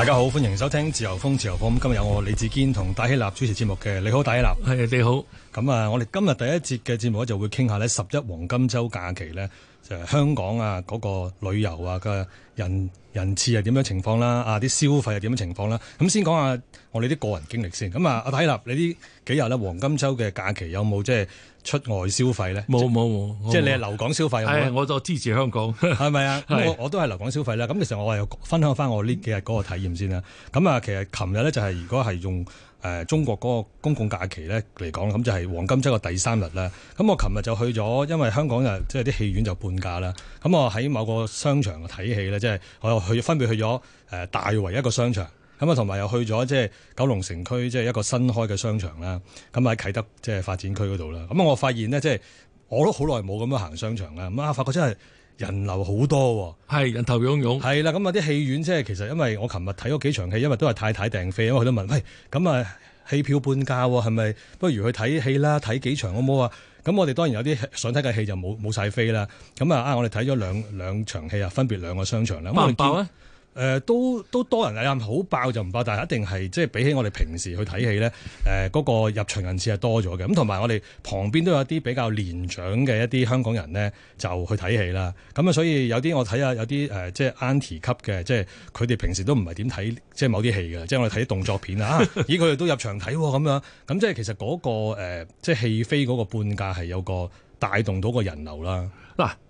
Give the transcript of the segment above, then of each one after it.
大家好，歡迎收聽自由風自由風。咁今日有我李志堅同戴希立主持節目嘅。你好，戴希立。係，你好。咁啊，我哋今日第一節嘅節目咧，就會傾下咧十一黃金周假期咧，就係，香港啊嗰、嗰個旅遊啊嘅。嗰個人人次係點樣情況啦？啊，啲消費係點樣情況啦？咁先講下我哋啲個人經歷先。咁啊，阿泰立，你呢幾日咧？黃金週嘅假期有冇即係出外消費咧？冇冇冇，即係你係留港消費有有。係、哎，我就支持香港，係 咪啊？我我，我都係留港消費啦。咁其實我係分享翻我呢幾日嗰個體驗先啦。咁啊，其實琴日咧就係、是、如果係用。誒、呃、中國嗰個公共假期咧嚟講，咁就係黃金周嘅第三日啦。咁我琴日就去咗，因為香港就即係啲戲院就半價啦。咁我喺某個商場睇戲咧，即、就、係、是、我又去分別去咗誒、呃、大圍一個商場，咁啊同埋又去咗即係九龍城區即係、就是、一個新開嘅商場啦。咁喺啟德即係發展區嗰度啦。咁我發現呢，即、就、係、是、我都好耐冇咁樣行商場啦。咁啊，發覺真係～人流好多喎，哦，係人頭涌涌，係啦。咁啊，啲戲院即係其實，因為我琴日睇咗幾場戲，因為都係太太訂飛，因為佢都問，喂咁啊，戲票半價喎，哦，係咪不，不如去睇戲啦？睇幾場好唔好啊？咁我哋當然有啲想睇嘅戲就冇冇晒飛啦。咁啊，啊我哋睇咗兩兩場戲啊，分別兩個商場咧，爆唔爆啊。我誒、呃、都都多人啊，好爆就唔爆，但一定係即係比起我哋平時去睇戲咧，誒、呃、嗰、那個入場人次係多咗嘅。咁同埋我哋旁邊都有啲比較年長嘅一啲香港人咧，就去睇戲啦。咁啊，所以有啲我睇下有啲誒、呃，即係 Auntie 級嘅，即係佢哋平時都唔係點睇即係某啲戲嘅，即係我哋睇啲動作片 啊，咦佢哋都入場睇咁、喔、樣，咁即係其實嗰、那個、呃、即係戲飛嗰個半價係有個帶動到個人流啦。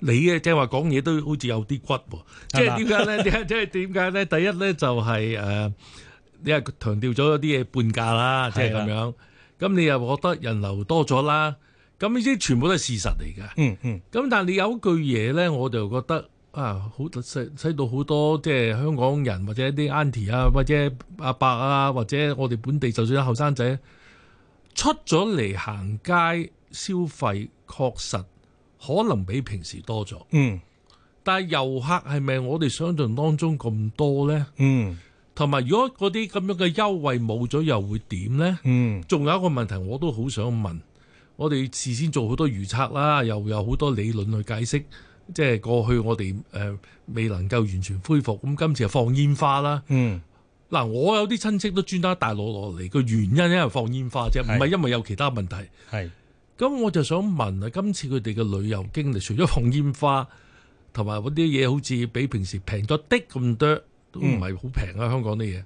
你嘅即係話講嘢都好似有啲骨喎，即係點解咧？即係即係點解咧？ 第一咧就係、是、誒、呃，你係強調咗啲嘢半價啦，即係咁樣。咁你又覺得人流多咗啦？咁呢啲全部都係事實嚟㗎。嗯嗯。咁但係你有一句嘢咧，我就覺得啊，好使使到好多即係、就是、香港人或者啲 aunty 啊，或者阿伯啊，或者我哋本地，就算啲後生仔出咗嚟行街消費，確實。可能比平時多咗，嗯，但係遊客係咪我哋想象當中咁多呢？嗯，同埋如果嗰啲咁樣嘅優惠冇咗，又會點呢？嗯，仲有一個問題，我都好想問，我哋事先做好多預測啦，又有好多理論去解釋，即係過去我哋、呃、未能夠完全恢復，咁今次係放煙花啦。嗯，嗱，我有啲親戚都專登大陸落嚟，個原因因為放煙花啫，唔係因為有其他問題。係。咁我就想問啊，今次佢哋嘅旅遊經歷，除咗紅煙花同埋嗰啲嘢，好似比平時平咗啲咁多，都唔係好平啊。香港啲嘢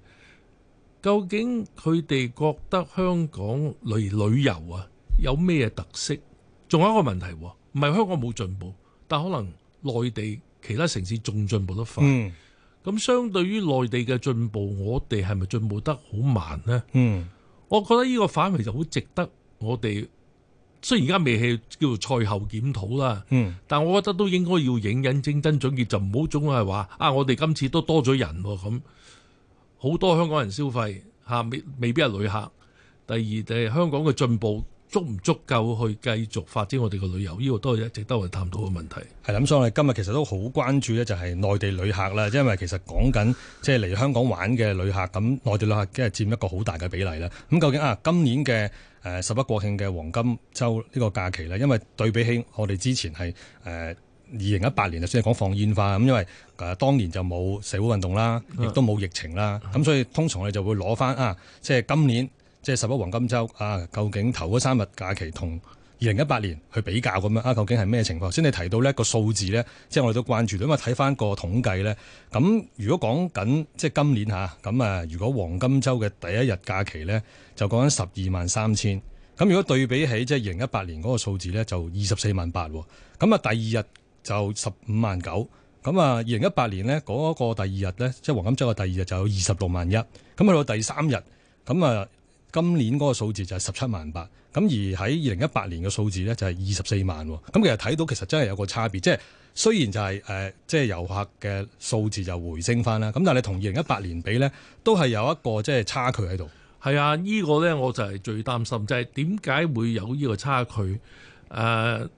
究竟佢哋覺得香港旅旅遊啊有咩特色？仲有一個問題，唔係香港冇進步，但可能內地其他城市仲進步得快。咁、嗯、相對於內地嘅進步，我哋係咪進步得好慢呢？嗯，我覺得呢個反饋就好值得我哋。雖然而家未係叫做賽後檢討啦、嗯，但我覺得都應該要認真認真總結，就唔好總係話啊！我哋今次都多咗人喎，咁好多香港人消費嚇、啊，未未必係旅客。第二就係香港嘅進步。足唔足夠去繼續發展我哋嘅旅遊？呢個都係一值得我哋探討嘅問題。係咁，所以我哋今日其實都好關注咧，就係內地旅客啦，因為其實講緊即係嚟香港玩嘅旅客，咁內地旅客即係佔一個好大嘅比例啦。咁究竟啊，今年嘅、呃、十一國慶嘅黃金周呢個假期咧，因為對比起我哋之前係誒二零一八年，就算係講放煙花咁，因為誒、啊、當年就冇社會運動啦，亦都冇疫情啦，咁、啊啊、所以通常我哋就會攞翻啊，即係今年。即係十一黃金周啊！究竟頭嗰三日假期同二零一八年去比較咁樣啊？究竟係咩情況先？你提到呢一個數字呢，即係我哋都關注到，因為睇翻個統計呢，咁如果講緊即係今年嚇咁啊，如果黃金周嘅第一日假期呢，就講緊十二萬三千。咁如果對比起即係二零一八年嗰個數字呢，就二十四萬八。咁啊，第二日就十五萬九。咁啊，二零一八年呢，嗰個第二日呢，即係黃金周嘅第二日就有二十六萬一。咁去到第三日咁啊。今年嗰個數字就係十七萬八，咁而喺二零一八年嘅數字呢，就係二十四萬，咁其實睇到其實真係有個差別，即係雖然就係誒，即係遊客嘅數字就回升返啦，咁但係你同二零一八年比呢，都係有一個即係差距喺度。係啊，呢個呢，我就係最擔心就係點解會有呢個差距？誒，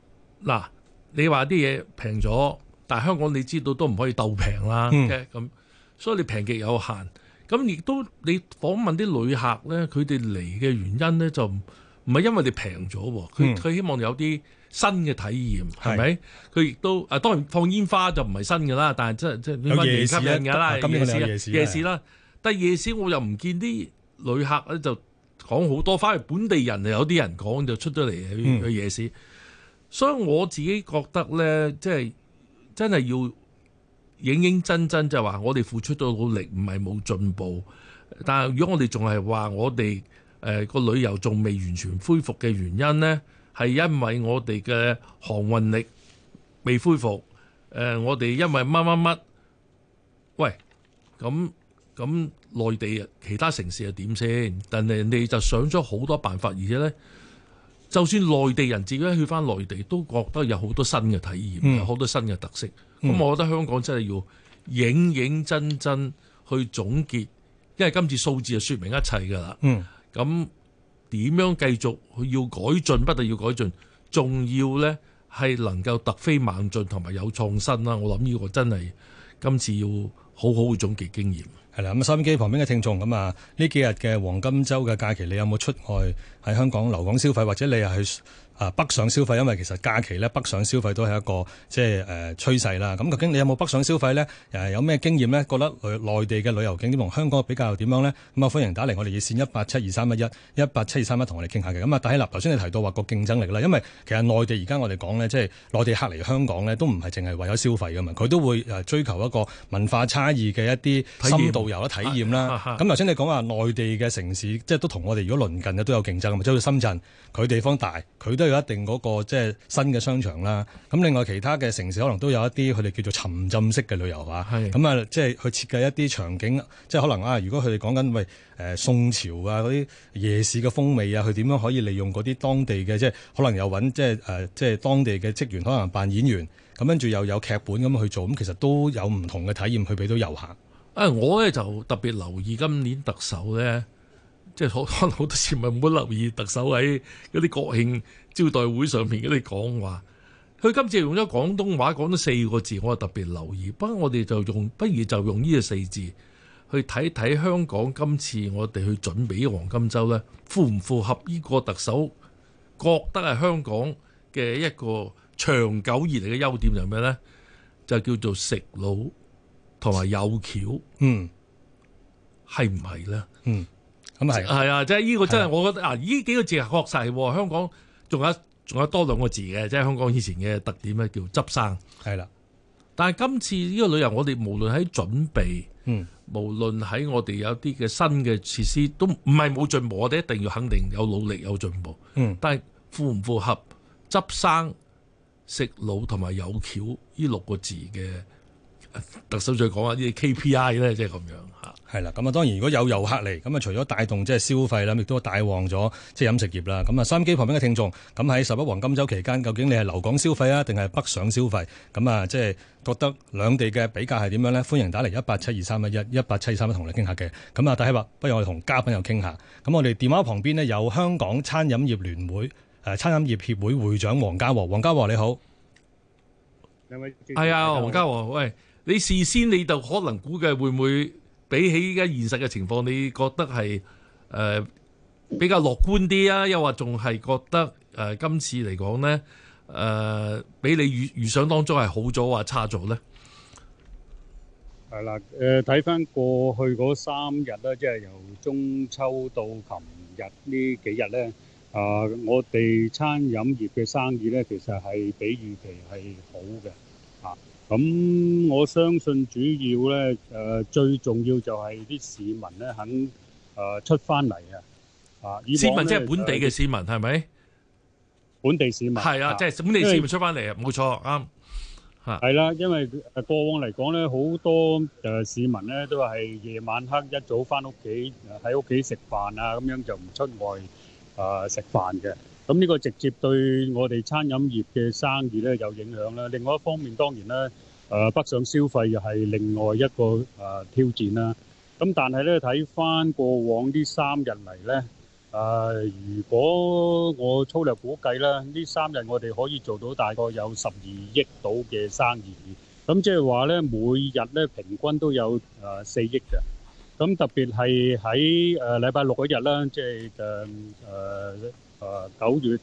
嗱，你話啲嘢平咗，但係香港你知道都唔可以鬥平啦咁，所以你平極有限。咁亦都你訪問啲旅客咧，佢哋嚟嘅原因咧就唔係因為你平咗喎，佢、嗯、佢希望有啲新嘅體驗，係咪？佢亦都啊，當然放煙花就唔係新㗎啦，但係即係即係點樣吸引㗎啦？今年有夜市，夜市啦，是但係夜市我又唔見啲旅客咧就講好多，反而本地人有啲人講就出咗嚟去去、嗯、夜市，所以我自己覺得咧，即係真係要。認認真真就話我哋付出咗努力，唔係冇進步。但係如果我哋仲係話我哋誒個旅遊仲未完全恢復嘅原因咧，係因為我哋嘅航運力未恢復誒。我哋因為乜乜乜，喂，咁咁內地其他城市又點先？但係人哋就想咗好多辦法，而且咧，就算內地人自己去翻內地，都覺得有好多新嘅體驗，有好多新嘅特色。咁，嗯，我覺得香港真係要認認真真去總結，因為今次數字就説明一切㗎啦。咁，嗯，點樣繼續要改進，不但要改進，仲要咧係能夠突飛猛進同埋有創新啦。我諗呢個真係今次要好好去總結經驗。係啦，咁收音機旁邊嘅聽眾咁啊，呢幾日嘅黃金周嘅假期，你有冇出外喺香港留港消費，或者你又去？啊，北上消費，因為其實假期咧，北上消費都係一個即係誒趨勢啦。咁究竟你有冇北上消費咧？誒，有咩經驗咧？覺得內地嘅旅遊景點同香港比較點樣咧？咁啊，歡迎打嚟我哋熱線 187231, 187231一八七二三一一，一八七二三一，同我哋傾下嘅。咁啊，但係嗱，頭先你提到話個競爭力啦，因為其實內地而家我哋講咧，即係內地客嚟香港咧，都唔係淨係為咗消費噶嘛，佢都會誒追求一個文化差異嘅一啲深度遊嘅體驗啦。咁頭先你講話內地嘅城市，即係都同我哋如果鄰近都有競爭啊嘛，即係深圳，佢地方大，佢都～有一定嗰個即係新嘅商場啦，咁另外其他嘅城市可能都有一啲佢哋叫做沉浸式嘅旅遊吓，咁啊即係、就是、去設計一啲場景，即係可能啊，如果佢哋講緊喂誒、呃、宋朝啊嗰啲夜市嘅風味啊，佢點樣可以利用嗰啲當地嘅即係可能又揾即係誒、呃、即係當地嘅職員可能扮演員，咁跟住又有劇本咁去做，咁其實都有唔同嘅體驗去俾到遊客。啊、哎，我咧就特別留意今年特首咧，即係可好多時咪唔會留意特首喺嗰啲國慶。招待會上面嗰啲講話，佢今次用咗廣東話講咗四個字，我就特別留意。不過，我哋就用，不如就用呢個四字去睇睇香港今次我哋去準備黃金周呢，符唔符合呢個特首覺得係香港嘅一個長久以嚟嘅優點就係咩呢？就叫做食腦同埋有橋，嗯，係唔係呢？嗯，咁係係啊，即係呢個真係、啊，我覺得啊，呢幾個字確實係香港。仲有仲有多兩個字嘅，即係香港以前嘅特點咧，叫執生係啦。但係今次呢個旅遊，我哋無論喺準備，嗯，無論喺我哋有啲嘅新嘅設施，都唔係冇進步，我哋一定要肯定有努力有進步。嗯，但係符唔符合執生食腦同埋有橋呢六個字嘅？特首再講下啲 KPI 咧，即係咁樣嚇。係啦，咁啊當然如果有遊客嚟，咁啊除咗帶動即係消費啦，亦都帶旺咗即係飲食業啦。咁啊，收音機旁邊嘅聽眾，咁喺十一黃金週期間，究竟你係留港消費啊，定係北上消費？咁啊，即係覺得兩地嘅比較係點樣呢？歡迎打嚟一八七二三一一一八七二三一同你哋傾下嘅。咁啊，大希伯，不如我哋同嘉賓又傾下。咁我哋電話旁邊呢，有香港餐飲業聯會誒餐飲業協會會，會長黃家和，黃家和你好。兩位，係啊，黃家和喂。你事先，你就可能估計會唔會比起依家現實嘅情況，你覺得係誒、呃、比較樂觀啲啊？又話仲係覺得誒、呃、今次嚟講咧誒、呃，比你預預想當中係好咗或差咗咧？係啦，誒睇翻過去嗰三日啦，即係由中秋到琴日呢幾日咧，啊、呃，我哋餐飲業嘅生意咧，其實係比預期係好嘅。咁我相信主要咧，誒最重要就係啲市民咧肯誒出翻嚟啊！啊，市民即係本地嘅市民係咪？本地市民係啊，即係本地市民出翻嚟啊，冇錯啱嚇。係啦，因為誒過往嚟講咧，好多誒市民咧都係夜晚黑一早翻屋企，喺屋企食飯啊，咁樣就唔出外誒食飯嘅。咁呢個直接對我哋餐飲業嘅生意咧有影響啦。另外一方面當然咧，誒北上消費又係另外一個誒挑戰啦。咁但係咧睇返過往呢三日嚟咧，誒如果我粗略估計咧，呢三日我哋可以做到大概有十二億度嘅生意。咁即係話咧，每日咧平均都有誒四億嘅。咁特別係喺誒禮拜六嗰日咧，即係誒誒。誒九月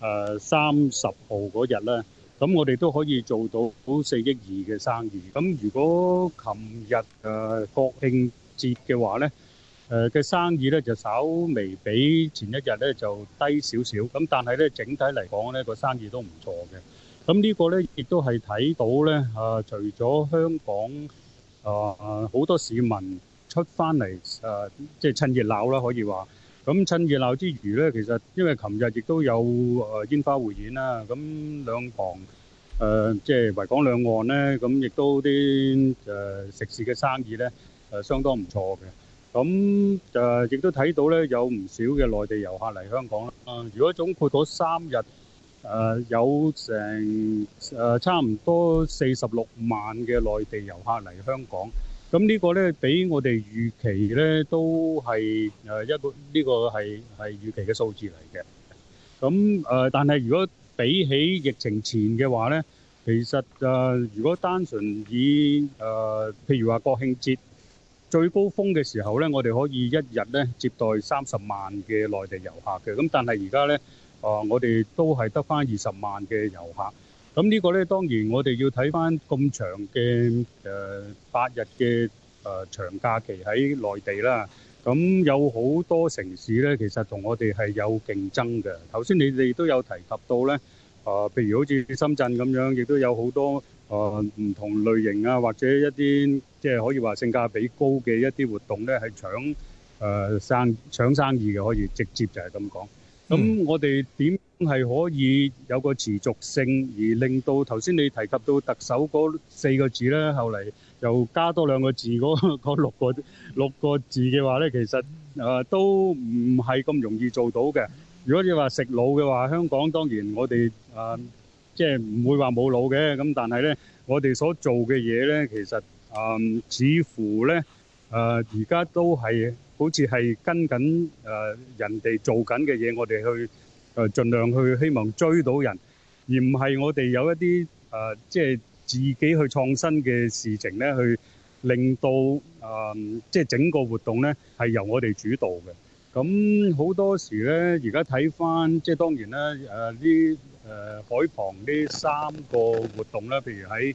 誒三十號嗰日咧，咁我哋都可以做到好四億二嘅生意。咁如果琴日誒國慶節嘅話咧，誒嘅生意咧就稍微比前一日咧就低少少。咁但係咧，整體嚟講咧，個生意都唔錯嘅。咁呢個咧亦都係睇到咧嚇，除咗香港啊啊好多市民出翻嚟誒，即係趁熱鬧啦，可以話。咁趁熱鬧之餘咧，其實因為琴日亦都有誒煙花匯演啦，咁兩旁誒即係維港兩岸咧，咁亦都啲誒食肆嘅生意咧誒相當唔錯嘅。咁誒亦都睇到咧，有唔少嘅內地遊客嚟香港啦。如果總括嗰三日誒有成誒差唔多四十六萬嘅內地遊客嚟香港。咁呢個呢，比我哋預期呢都係誒一個呢個係係預期嘅數字嚟嘅。咁誒，但係如果比起疫情前嘅話呢，其實誒如果單純以誒譬如話國慶節最高峰嘅時候呢，我哋可以一日呢接待三十萬嘅內地遊客嘅。咁但係而家呢，啊，我哋都係得返二十萬嘅遊客。咁呢個咧，當然我哋要睇翻咁長嘅、呃、八日嘅誒、呃、長假期喺內地啦。咁有好多城市咧，其實同我哋係有競爭嘅。頭先你哋都有提及到咧，啊、呃，譬如好似深圳咁樣，亦都有好多呃、唔同類型啊，或者一啲即係可以話性價比高嘅一啲活動咧，係搶、呃、生、搶生意嘅，可以直接就係咁講。咁我哋點係可以有個持續性，而令到頭先你提及到特首嗰四個字咧，後嚟又加多兩個字嗰六個六個字嘅話咧，其實誒都唔係咁容易做到嘅。如果你話食腦嘅話，香港當然我哋誒即係唔會話冇腦嘅，咁但係咧我哋所做嘅嘢咧，其實誒似乎咧。誒、呃、而、呃、家都係好似係跟緊誒人哋做緊嘅嘢，我哋去誒、呃、盡量去希望追到人，而唔係我哋有一啲誒即係自己去創新嘅事情咧，去令到誒即係整個活動咧係由我哋主導嘅。咁好多時咧，而家睇返即係當然啦，誒呢誒海旁呢三個活動咧，譬如喺，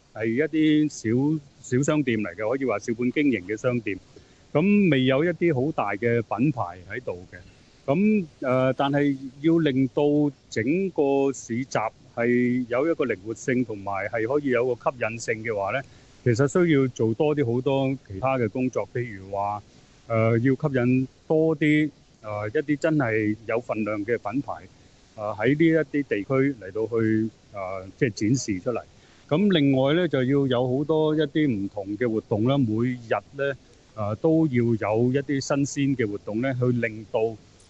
係一啲小小商店嚟嘅，可以話小本經營嘅商店。咁未有一啲好大嘅品牌喺度嘅。咁誒，但係要令到整個市集係有一個靈活性，同埋係可以有個吸引性嘅話呢，其實需要做多啲好多其他嘅工作，譬如話誒，要吸引多啲誒一啲真係有份量嘅品牌誒喺呢一啲地區嚟到去，誒即係展示出嚟。咁另外咧就要有好多一啲唔同嘅活動啦，每日咧啊都要有一啲新鮮嘅活動咧，去令到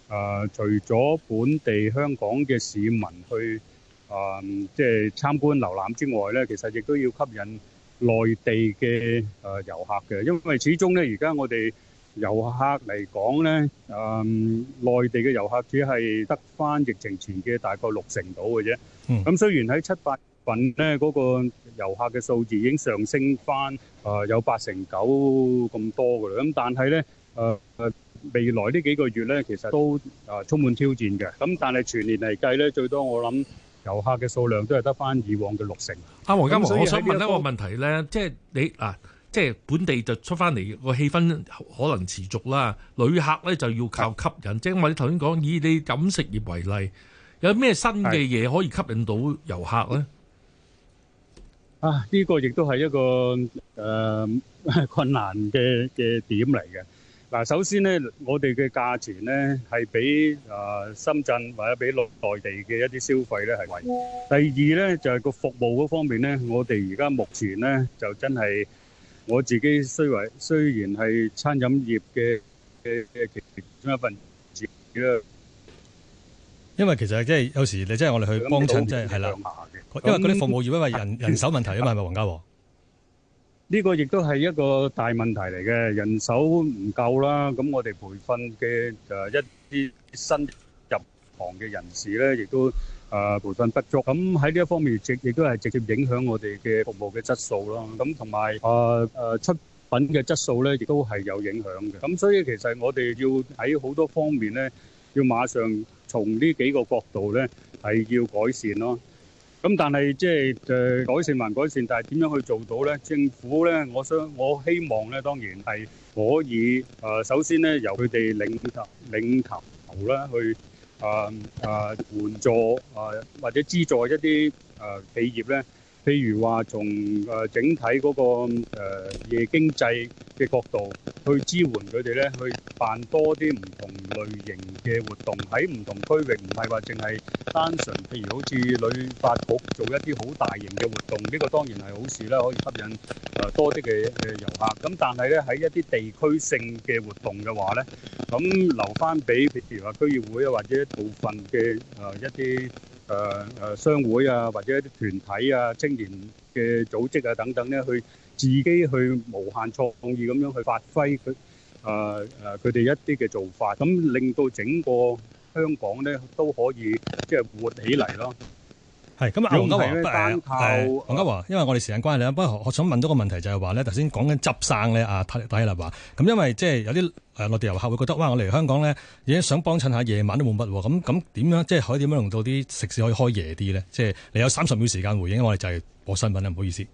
啊除咗本地香港嘅市民去啊即係參觀瀏覽之外咧，其實亦都要吸引內地嘅啊遊客嘅，因為始終咧而家我哋遊客嚟講咧啊內地嘅遊客只係得翻疫情前嘅大概六成度嘅啫。嗯，咁雖然喺七八份咧嗰個遊客嘅數字已經上升翻，啊有八成九咁多噶啦。咁但係咧，誒誒未來呢幾個月咧，其實都啊充滿挑戰嘅。咁但係全年嚟計咧，最多我諗遊客嘅數量都係得翻以往嘅六成。啊黃家和，我想問一個問題咧，即係你嗱，即係本地就出翻嚟個氣氛可能持續啦，旅客咧就要靠吸引。即係因為你頭先講以你飲食業為例，有咩新嘅嘢可以吸引到遊客咧？啊！呢個亦都係一個誒困難嘅嘅點嚟嘅。嗱，首先咧，我哋嘅價錢咧係比啊深圳或者比內內地嘅一啲消費咧係貴。第二咧就係個服務嗰方面咧，我哋而家目前咧就真係我自己雖為雖然係餐飲業嘅嘅其中一份子。因為其實即係有時你真係我哋去幫襯，即係係啦。因為嗰啲服務業因為人人手問題啊嘛，係咪黃家和呢個亦都係一個大問題嚟嘅，人手唔夠啦。咁我哋培訓嘅誒一啲新入行嘅人士咧，亦都誒培訓不足。咁喺呢一方面亦亦都係直接影響我哋嘅服務嘅質素咯。咁同埋誒誒出品嘅質素咧，亦都係有影響嘅。咁所以其實我哋要喺好多方面咧，要馬上從呢幾個角度咧係要改善咯。咁但係即係誒，改善還改善，但係點樣去做到咧？政府咧，我想我希望咧，當然係可以誒。首先咧，由佢哋領頭領頭頭咧，去誒誒援助誒、啊，或者資助一啲誒企業咧。譬如話，從整體嗰個夜經濟嘅角度去支援佢哋咧，去辦多啲唔同類型嘅活動，喺唔同區域，唔係話淨係單純，譬如好似旅發局做一啲好大型嘅活動，呢個當然係好事啦，可以吸引多啲嘅嘅遊客。咁但係咧，喺一啲地區性嘅活動嘅話咧，咁留翻俾譬如話區議會啊，或者部分嘅誒一啲。誒誒，商會啊，或者一啲團體啊，青年嘅組織啊等等咧，去自己去無限創意咁樣去發揮佢誒誒，佢、呃、哋一啲嘅做法，咁令到整個香港咧都可以即係活起嚟咯。係咁啊，黃家和，黃家和，因為我哋時間關係咧，不過我想問到個問題就係話咧，頭先講緊執生咧啊，泰泰立話咁，因為即係有啲誒落地遊客會覺得哇，我嚟香港咧，而家想幫襯下夜晚都冇乜喎，咁咁點樣，樣即係可以點樣用到啲食肆可以開夜啲咧？即係你有三十秒時間回應我哋，就係播新聞啦，唔好意思。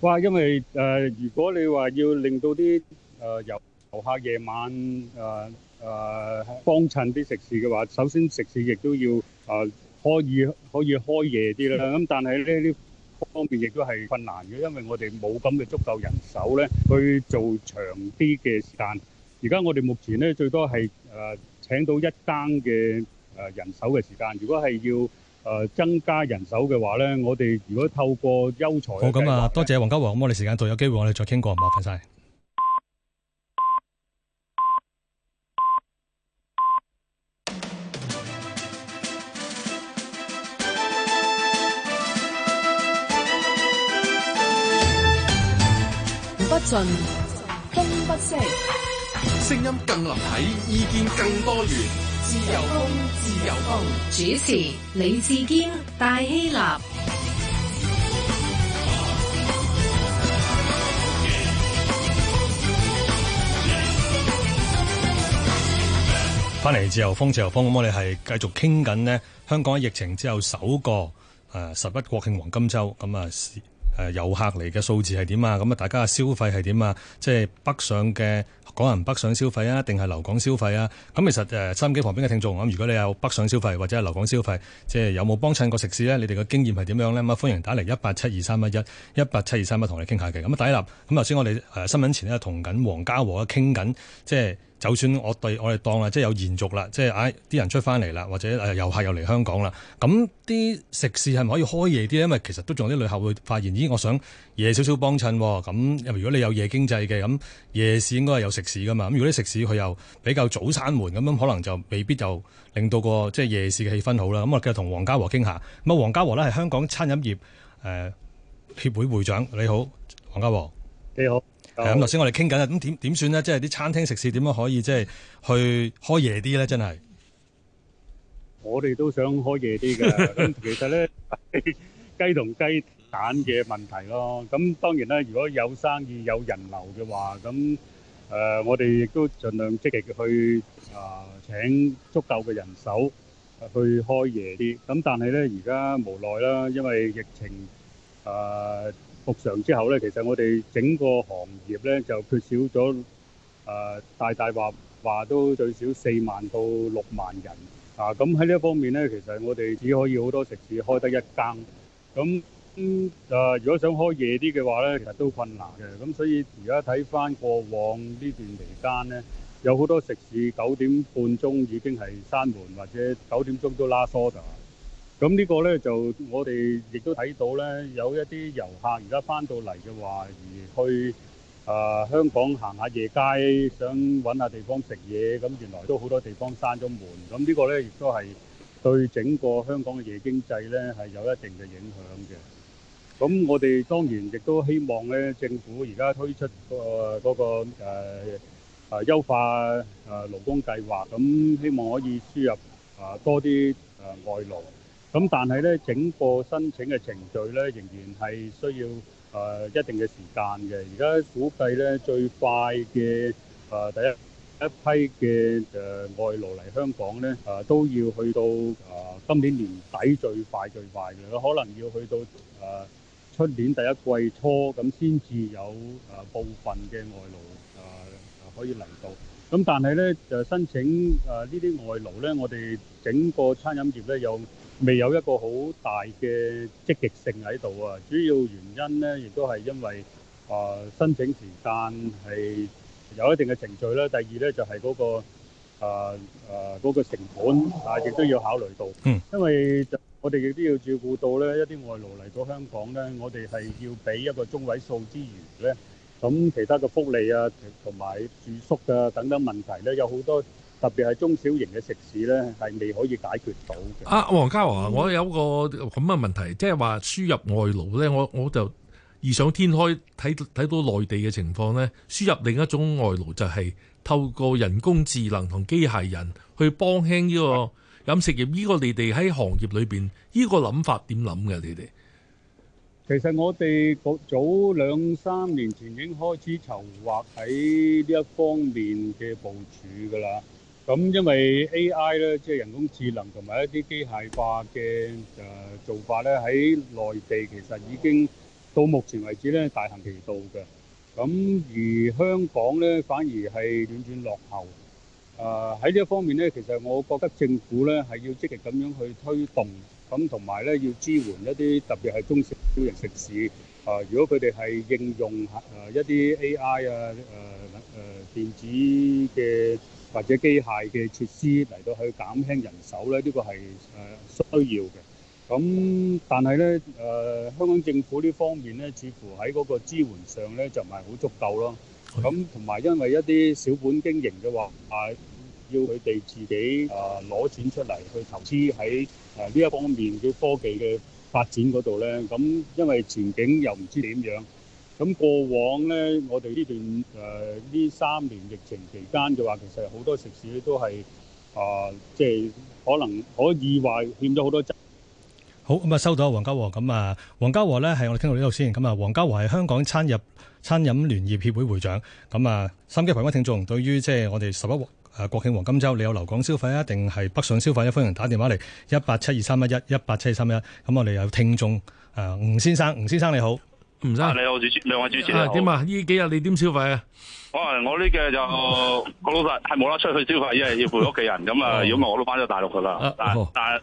哇，因為誒、呃，如果你話要令到啲誒遊遊客夜晚誒誒幫襯啲食肆嘅話，首先食肆亦都要誒。呃可以可以開夜啲啦，咁但係咧呢方面亦都係困難嘅，因為我哋冇咁嘅足夠人手咧去做長啲嘅時間。而家我哋目前咧最多係誒請到一間嘅誒人手嘅時間。如果係要誒增加人手嘅話咧，我哋如果透過優才。好咁啊，多謝黃家和。咁我哋時間到，有機會我哋再傾過，唔麻煩曬。聲音更立體，意見更多元。自由風，自由風。主持李志堅、戴希立。翻嚟自由風，自由風咁，我哋係繼續傾緊呢香港疫情之後，首個誒、呃、十一國慶黃金週咁啊！誒遊客嚟嘅數字係點啊？咁啊，大家嘅消費係點啊？即係北上嘅港人北上消費啊，定係留港消費啊？咁其實收音機旁邊嘅聽眾咁，如果你有北上消費或者係留港消費，即係有冇幫襯過食肆咧？你哋嘅經驗係點樣咧？咁啊，歡迎打嚟一八七二三一一，一八七二三一同你傾下偈。咁啊，第一粒咁頭先，我哋誒新聞前咧，同緊黃家和傾緊即係。就算我對我哋當啦，即係有延續啦，即係唉啲人出翻嚟啦，或者誒遊客又嚟香港啦，咁啲食肆係咪可以開夜啲？因為其實都仲有啲旅客會發現，咦，我想夜少少幫襯喎。咁如果你有夜經濟嘅，咁夜市應該係有食肆噶嘛。咁如果啲食肆佢又比較早閂門，咁樣可能就未必就令到個即係夜市嘅氣氛好啦。咁我繼續同黃家和傾下。咁啊，黃家和呢係香港餐飲業誒、呃、協會,會會長。你好，黃家和。你好。咁頭先我哋傾緊啦，咁點點算咧？即係啲餐廳食肆點樣可以即係去開夜啲咧？真係，我哋都想開夜啲嘅。咁其實咧，雞同雞蛋嘅問題咯。咁當然啦，如果有生意、有人流嘅話，咁誒，我哋亦都盡量積極去啊請足夠嘅人手去開夜啲。咁但係咧，而家無奈啦，因為疫情誒，復常之後咧，其實我哋整個行業咧就缺少咗、呃，大大話話都最少四萬到六萬人啊！咁喺呢一方面咧，其實我哋只可以好多食肆開得一間，咁、嗯啊、如果想開夜啲嘅話咧，其實都困難嘅。咁所以而家睇翻過往呢段期間咧，有好多食肆九點半鐘已經係閂門，或者九點鐘都拉疏。咁呢個呢，就我哋亦都睇到呢，有一啲遊客而家返到嚟嘅話，而去、呃、香港行下夜街，想揾下地方食嘢，咁原來都好多地方閂咗門。咁呢個呢，亦都係對整個香港嘅夜經濟呢，係有一定嘅影響嘅。咁我哋當然亦都希望呢，政府而家推出嗰、呃嗰個誒啊優化啊、呃、勞工計劃，咁希望可以輸入啊、呃、多啲、呃、外勞。咁但係咧，整個申請嘅程序咧，仍然係需要誒一定嘅時間嘅。而家估計咧，最快嘅誒第一一批嘅誒外勞嚟香港咧，誒都要去到誒今年年底，最快最快嘅，可能要去到誒出年第一季初咁先至有誒部分嘅外勞誒可以嚟到。咁但係咧，就申請誒呢啲外勞咧，我哋整個餐飲業咧有。未有一個好大嘅積極性喺度啊！主要原因咧，亦都係因為啊申請時間係有一定嘅程序啦。第二咧，就係嗰個啊啊嗰個成本啊，但係亦都要考慮到。嗯。因為就我哋亦都要照顧到咧，一啲外勞嚟到香港咧，我哋係要俾一個中位數之餘咧，咁其他嘅福利啊，同埋住宿啊等等問題咧，有好多。特別係中小型嘅食肆呢，係未可以解決到嘅。啊，黃家和，我有個咁嘅問題，即係話輸入外勞呢，我我就異想天開睇睇到內地嘅情況呢，輸入另一種外勞就係透過人工智能同機械人去幫輕呢個飲食業，呢個你哋喺行業裏邊呢個諗法點諗嘅？你哋，其實我哋早兩三年前已經開始籌劃喺呢一方面嘅部署㗎喇。咁因為 A.I. 咧，即係人工智能同埋一啲機械化嘅誒做法咧，喺內地其實已經到目前為止咧大行其道嘅。咁而香港咧反而係遠遠落後。誒喺呢一方面咧，其實我覺得政府咧係要積極咁樣去推動，咁同埋咧要支援一啲特別係中小型食肆。啊，如果佢哋係應用嚇誒一啲 A.I. 啊誒誒電子嘅，或者機械嘅設施嚟到去減輕人手咧，呢個係誒需要嘅。咁但係咧誒，香港政府呢方面咧，似乎喺嗰個支援上咧就唔係好足夠咯。咁同埋因為一啲小本經營嘅話，啊要佢哋自己誒攞錢出嚟去投資喺誒呢一方面嘅科技嘅發展嗰度咧，咁因為前景又唔知點樣。咁過往呢，我哋呢段誒呢、呃、三年疫情期間嘅話，其實好多食肆都係啊、呃，即係可能可以話欠咗好多債。好咁啊，收到啊，黃家和。咁啊，黃家和咧係我哋聽到呢度先。咁啊，黃家和係香港餐入餐飲聯業協會會長。咁啊，心機朋友聽眾，對於即係我哋十一誒國慶黃金周，你有留港消費啊，定係北上消費咧？歡迎打電話嚟一八七二三一一一八七二三一。咁我哋有聽眾啊，吳、呃、先生，吳先生你好。唔使，你好主兩位主持啊？點啊？呢幾日你點消費啊？可能我呢嘅就，個老實係冇得出去消費，因為要陪屋企人。咁啊，如果唔係我都翻咗大陸噶啦。但係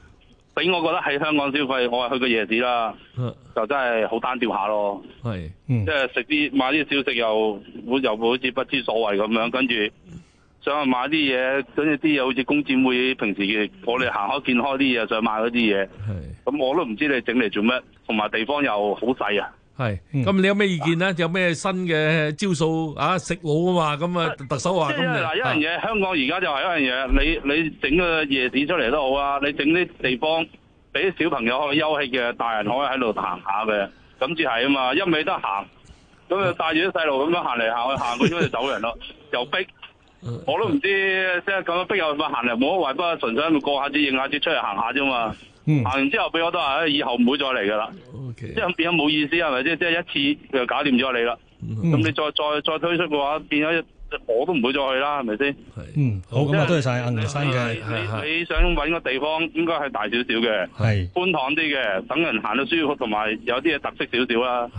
俾我覺得喺香港消費，我係去個夜市啦，就真係好單調下咯。係，即係食啲買啲小食又會又會好似不知所謂咁樣，跟住想買啲嘢，跟住啲嘢好似工展會平時我哋行開見開啲嘢，想買嗰啲嘢。係，咁我都唔知你整嚟做咩，同埋地方又好細啊。係，咁你有咩意見咧？有咩新嘅招數啊？食老啊嘛，咁啊特首話咁。嗱、啊就係啊啊，一樣嘢，香港而家就係一樣嘢，你你整個夜市出嚟，都好啊，你整啲地方俾啲小朋友可以休息嘅，大人可以喺度行下嘅，咁至係啊嘛，一味得行，咁就帶住啲細路咁樣行嚟,行去行，嗰啲就走人咯，又 逼，我都唔知即係咁樣逼又咁樣行嚟，冇乜壞，不過純粹過下節影下節出嚟行下啫嘛。行、嗯、完之後，俾我都話，以後唔會再嚟㗎啦。即、okay。係變咗冇意思，係咪先？即係一次就搞掂咗你啦。咁、嗯、你再再再推出嘅話，變咗我都唔會再去啦，係咪先？嗯，好，咁啊，多謝晒啊，曇、嗯、嘅、嗯嗯，你想揾個地方，應該係大少少嘅，係寬敞啲嘅，等人行得舒服，同埋有啲嘢特色少少啦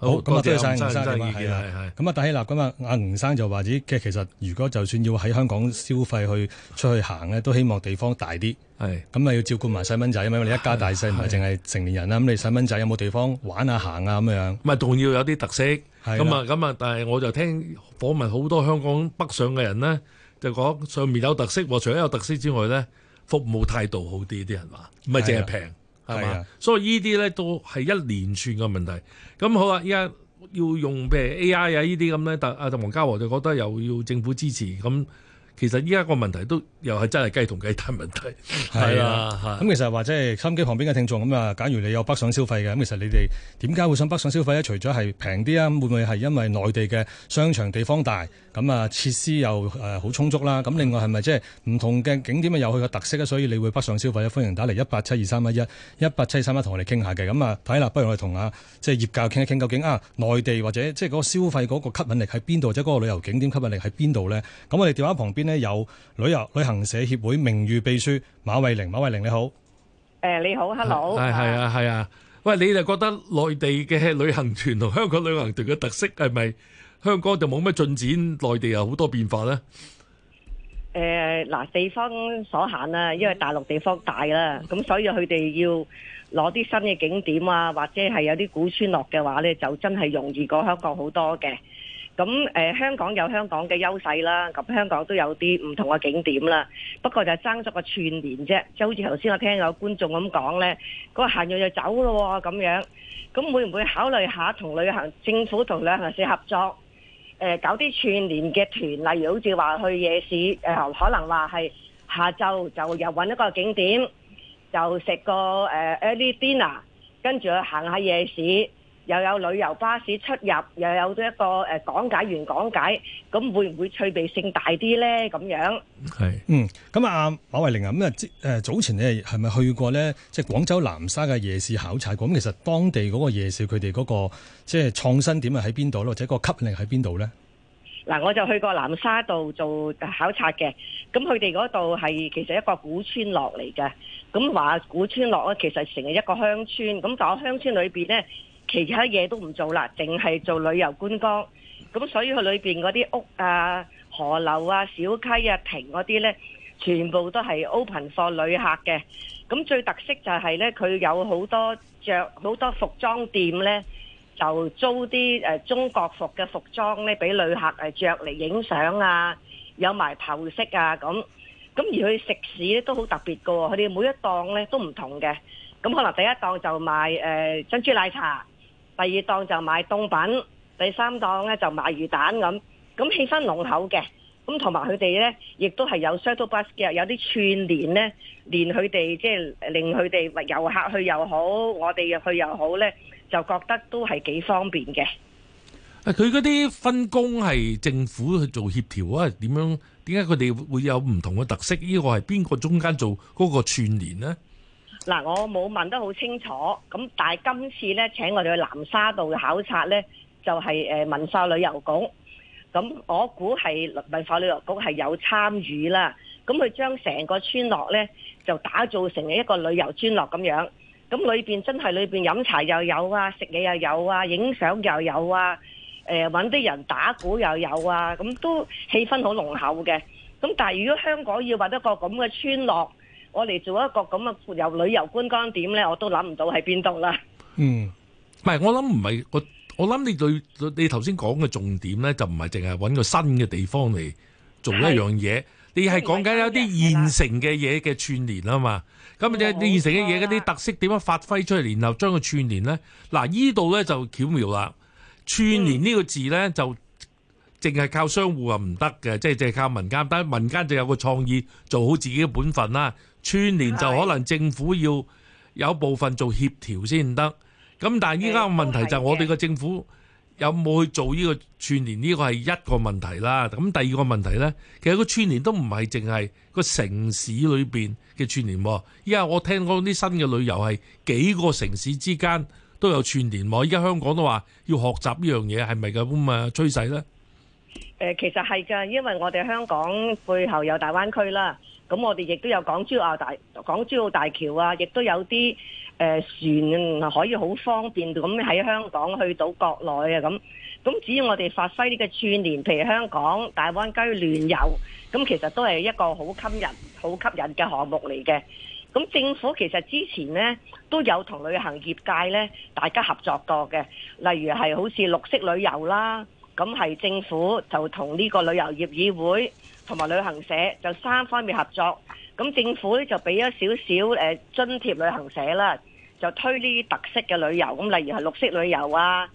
好，咁啊，多謝晒生，生真真意見。咁啊，戴希啦咁啊，阿吳生就話自己其實如果就算要喺香港消費去出去行咧，都希望地方大啲。咁啊要照顧埋細蚊仔因為你一家大細唔係淨係成年人啦，咁你細蚊仔有冇地方玩啊行啊咁樣？唔係，仲要有啲特色。咁啊，咁啊，但係我就聽訪問好多香港北上嘅人咧，就講上面有特色，除咗有特色之外咧，服務態度好啲，啲人話唔係淨係平。係嘛、啊？所以呢啲咧都係一連串嘅問題。咁好啦，依家要用譬如 A.I. 啊呢啲咁咧，但阿黃家和就覺得又要政府支持咁。其實依家個問題都又係真係雞同雞蛋問題，係啦、啊，咁、啊啊、其實話即係收音機旁邊嘅聽眾咁啊，假如你有北上消費嘅，咁其實你哋點解會想北上消費咧？除咗係平啲啊，會唔會係因為內地嘅商場地方大，咁啊設施又誒好充足啦？咁、啊、另外係咪即係唔同嘅景點有佢嘅特色咧？所以你會北上消費咧？歡迎打嚟一八七二三一一一八七三一同我哋傾下嘅。咁啊，睇啦，不如我哋同啊即係、就是、業界傾一傾，究竟啊內地或者即係嗰個消費嗰個吸引力喺邊度，或者嗰個旅遊景點吸引力喺邊度咧？咁我哋電話旁邊。咧有旅遊旅行社協會名譽秘書馬慧玲，馬慧玲你好。誒、uh, 你好，hello，係係啊係啊，喂，你哋覺得內地嘅旅行團同香港旅行團嘅特色係咪香港就冇乜進展，內地有好多變化咧？誒，嗱，地方所限啦，因為大陸地方大啦，咁所以佢哋要攞啲新嘅景點啊，或者係有啲古村落嘅話咧，就真係容易過香港好多嘅。咁誒、呃，香港有香港嘅優勢啦，咁香港都有啲唔同嘅景點啦。不過就爭咗個串連啫，即係好似頭先我聽有觀眾咁講咧，嗰個行咗就走咯咁、哦、樣。咁會唔會考慮下同旅行政府同旅行社合作，誒、呃、搞啲串連嘅團，例如好似話去夜市，呃、可能話係下晝就又揾一個景點，就食個誒、呃、early dinner，跟住去行下夜市。又有旅遊巴士出入，又有咗一個誒講解員講解，咁會唔會趣味性大啲呢？咁樣係嗯，咁啊，馬慧玲啊，咁啊，誒早前你係咪去過呢？即係廣州南沙嘅夜市考察過？咁其實當地嗰個夜市佢哋嗰個即係創新點係喺邊度咯？或者個吸引力喺邊度呢？嗱，我就去過南沙度做考察嘅，咁佢哋嗰度係其實一個古村落嚟嘅，咁話古村落咧其實成日一個鄉村，咁講鄉村裏邊呢。其他嘢都唔做啦，淨係做旅遊觀光。咁所以佢裏邊嗰啲屋啊、河流啊、小溪啊、亭嗰啲呢，全部都係 open for 旅客嘅。咁最特色就係呢，佢有好多着好多服裝店呢，就租啲誒中國服嘅服裝呢俾旅客誒着嚟影相啊，有埋頭飾啊咁。咁而佢食肆、哦、呢，都好特別噶，佢哋每一檔呢都唔同嘅。咁可能第一檔就賣誒、呃、珍珠奶茶。第二檔就買凍品，第三檔呢就買魚蛋咁，咁氣氛濃厚嘅。咁同埋佢哋呢亦都係有 shuttle bus 嘅，有啲串連呢，連佢哋即係令佢哋遊客去又好，我哋入去又好呢，就覺得都係幾方便嘅。佢嗰啲分工係政府去做協調啊？點樣？點解佢哋會有唔同嘅特色？呢個係邊個中間做嗰個串連呢？嗱，我冇問得好清楚，咁但係今次咧請我哋去南沙度嘅考察咧，就係誒文化旅遊局，咁我估係文化旅遊局係有參與啦。咁佢將成個村落咧就打造成一個旅遊村落咁樣，咁裏邊真係裏邊飲茶又有啊，食嘢又有啊，影相又有啊，誒揾啲人打鼓又有啊，咁都氣氛好濃厚嘅。咁但係如果香港要搵一個咁嘅村落，我嚟做一個咁嘅有旅遊觀光點咧，我都諗唔到喺邊度啦。嗯，唔係我諗唔係我我諗你對你頭先講嘅重點咧，就唔係淨係揾個新嘅地方嚟做一樣嘢。你係講緊有啲現成嘅嘢嘅串連啊嘛。咁啊啲現成嘅嘢嗰啲特色點樣發揮出嚟，然後將個串連咧，嗱、啊、呢度咧就巧妙啦。串連呢個字咧就淨係靠商戶啊唔得嘅，即係淨係靠民間。但係民間就有個創意，做好自己嘅本分啦。串連就可能政府要有部分做協調先得，咁但係依家個問題就係我哋個政府有冇去做呢個串連呢個係一個問題啦。咁第二個問題呢，其實個串連都唔係淨係個城市裏邊嘅串連喎。依家我聽講啲新嘅旅遊係幾個城市之間都有串連喎。依家香港都話要學習呢樣嘢，係咪咁嘅趨勢呢？其實係噶，因為我哋香港背後有大灣區啦。咁我哋亦都有港珠澳大港珠澳大橋啊，亦都有啲誒、呃、船可以好方便咁喺香港去到國內啊咁。咁只要我哋發揮呢個串聯，譬如香港大灣區聯遊，咁其實都係一個好吸引、好吸引嘅項目嚟嘅。咁政府其實之前呢都有同旅行業界呢大家合作過嘅，例如係好似綠色旅遊啦，咁係政府就同呢個旅遊業議會。同埋旅行社就三方面合作，咁政府咧就俾咗少少誒津貼旅行社啦，就推呢啲特色嘅旅遊，咁例如係綠色旅遊啊、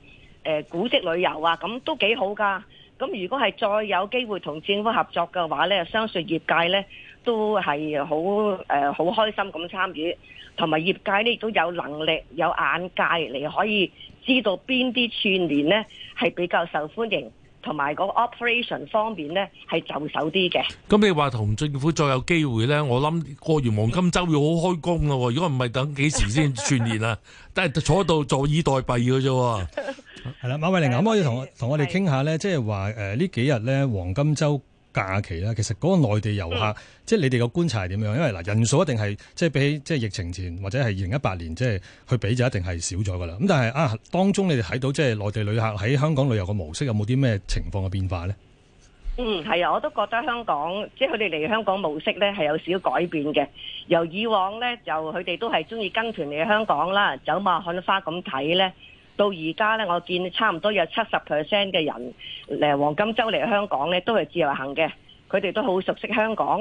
古色旅遊啊，咁都幾好噶。咁如果係再有機會同政府合作嘅話咧，相信業界咧都係好誒好開心咁參與，同埋業界咧亦都有能力有眼界嚟可以知道邊啲串聯咧係比較受歡迎。同埋個 operation 方面咧係就手啲嘅。咁你話同政府再有機會咧，我諗過完黃金周要好開工喎。如果唔係等幾時先算年啊？ 但係坐喺度坐以待斃咋啫。係啦，馬慧玲咁 可以同 我同我哋傾下咧，即係話呢幾日咧黃金周。假期啦，其實嗰個內地遊客，嗯、即係你哋嘅觀察係點樣？因為嗱，人數一定係即係比起即係疫情前或者係二零一八年即係去比就一定係少咗噶啦。咁但係啊，當中你哋睇到即係內地旅客喺香港旅遊嘅模式有冇啲咩情況嘅變化呢？嗯，係啊，我都覺得香港即係佢哋嚟香港模式咧係有少少改變嘅。由以往呢，就佢哋都係中意跟團嚟香港啦，走馬看花咁睇呢。到而家咧，我見差唔多有七十 percent 嘅人嚟黃金周嚟香港咧，都係自由行嘅。佢哋都好熟悉香港。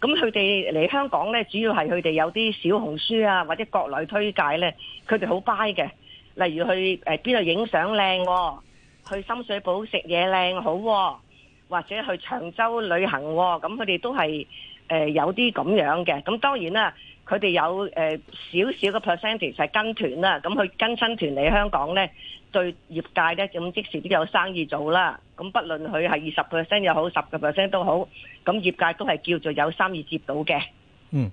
咁佢哋嚟香港咧，主要係佢哋有啲小紅書啊，或者國內推介咧，佢哋好 buy 嘅。例如去誒邊度影相靚喎，去深水埗食嘢靚好喎，或者去長洲旅行喎。咁佢哋都係誒有啲咁樣嘅。咁當然啦。佢哋有誒少少嘅 percentage 就係跟團啦，咁佢跟親團嚟香港咧，對業界咧咁即時都有生意做啦。咁不論佢係二十個 percent 又好，十個 percent 都好，咁業界都係叫做有生意接到嘅。嗯。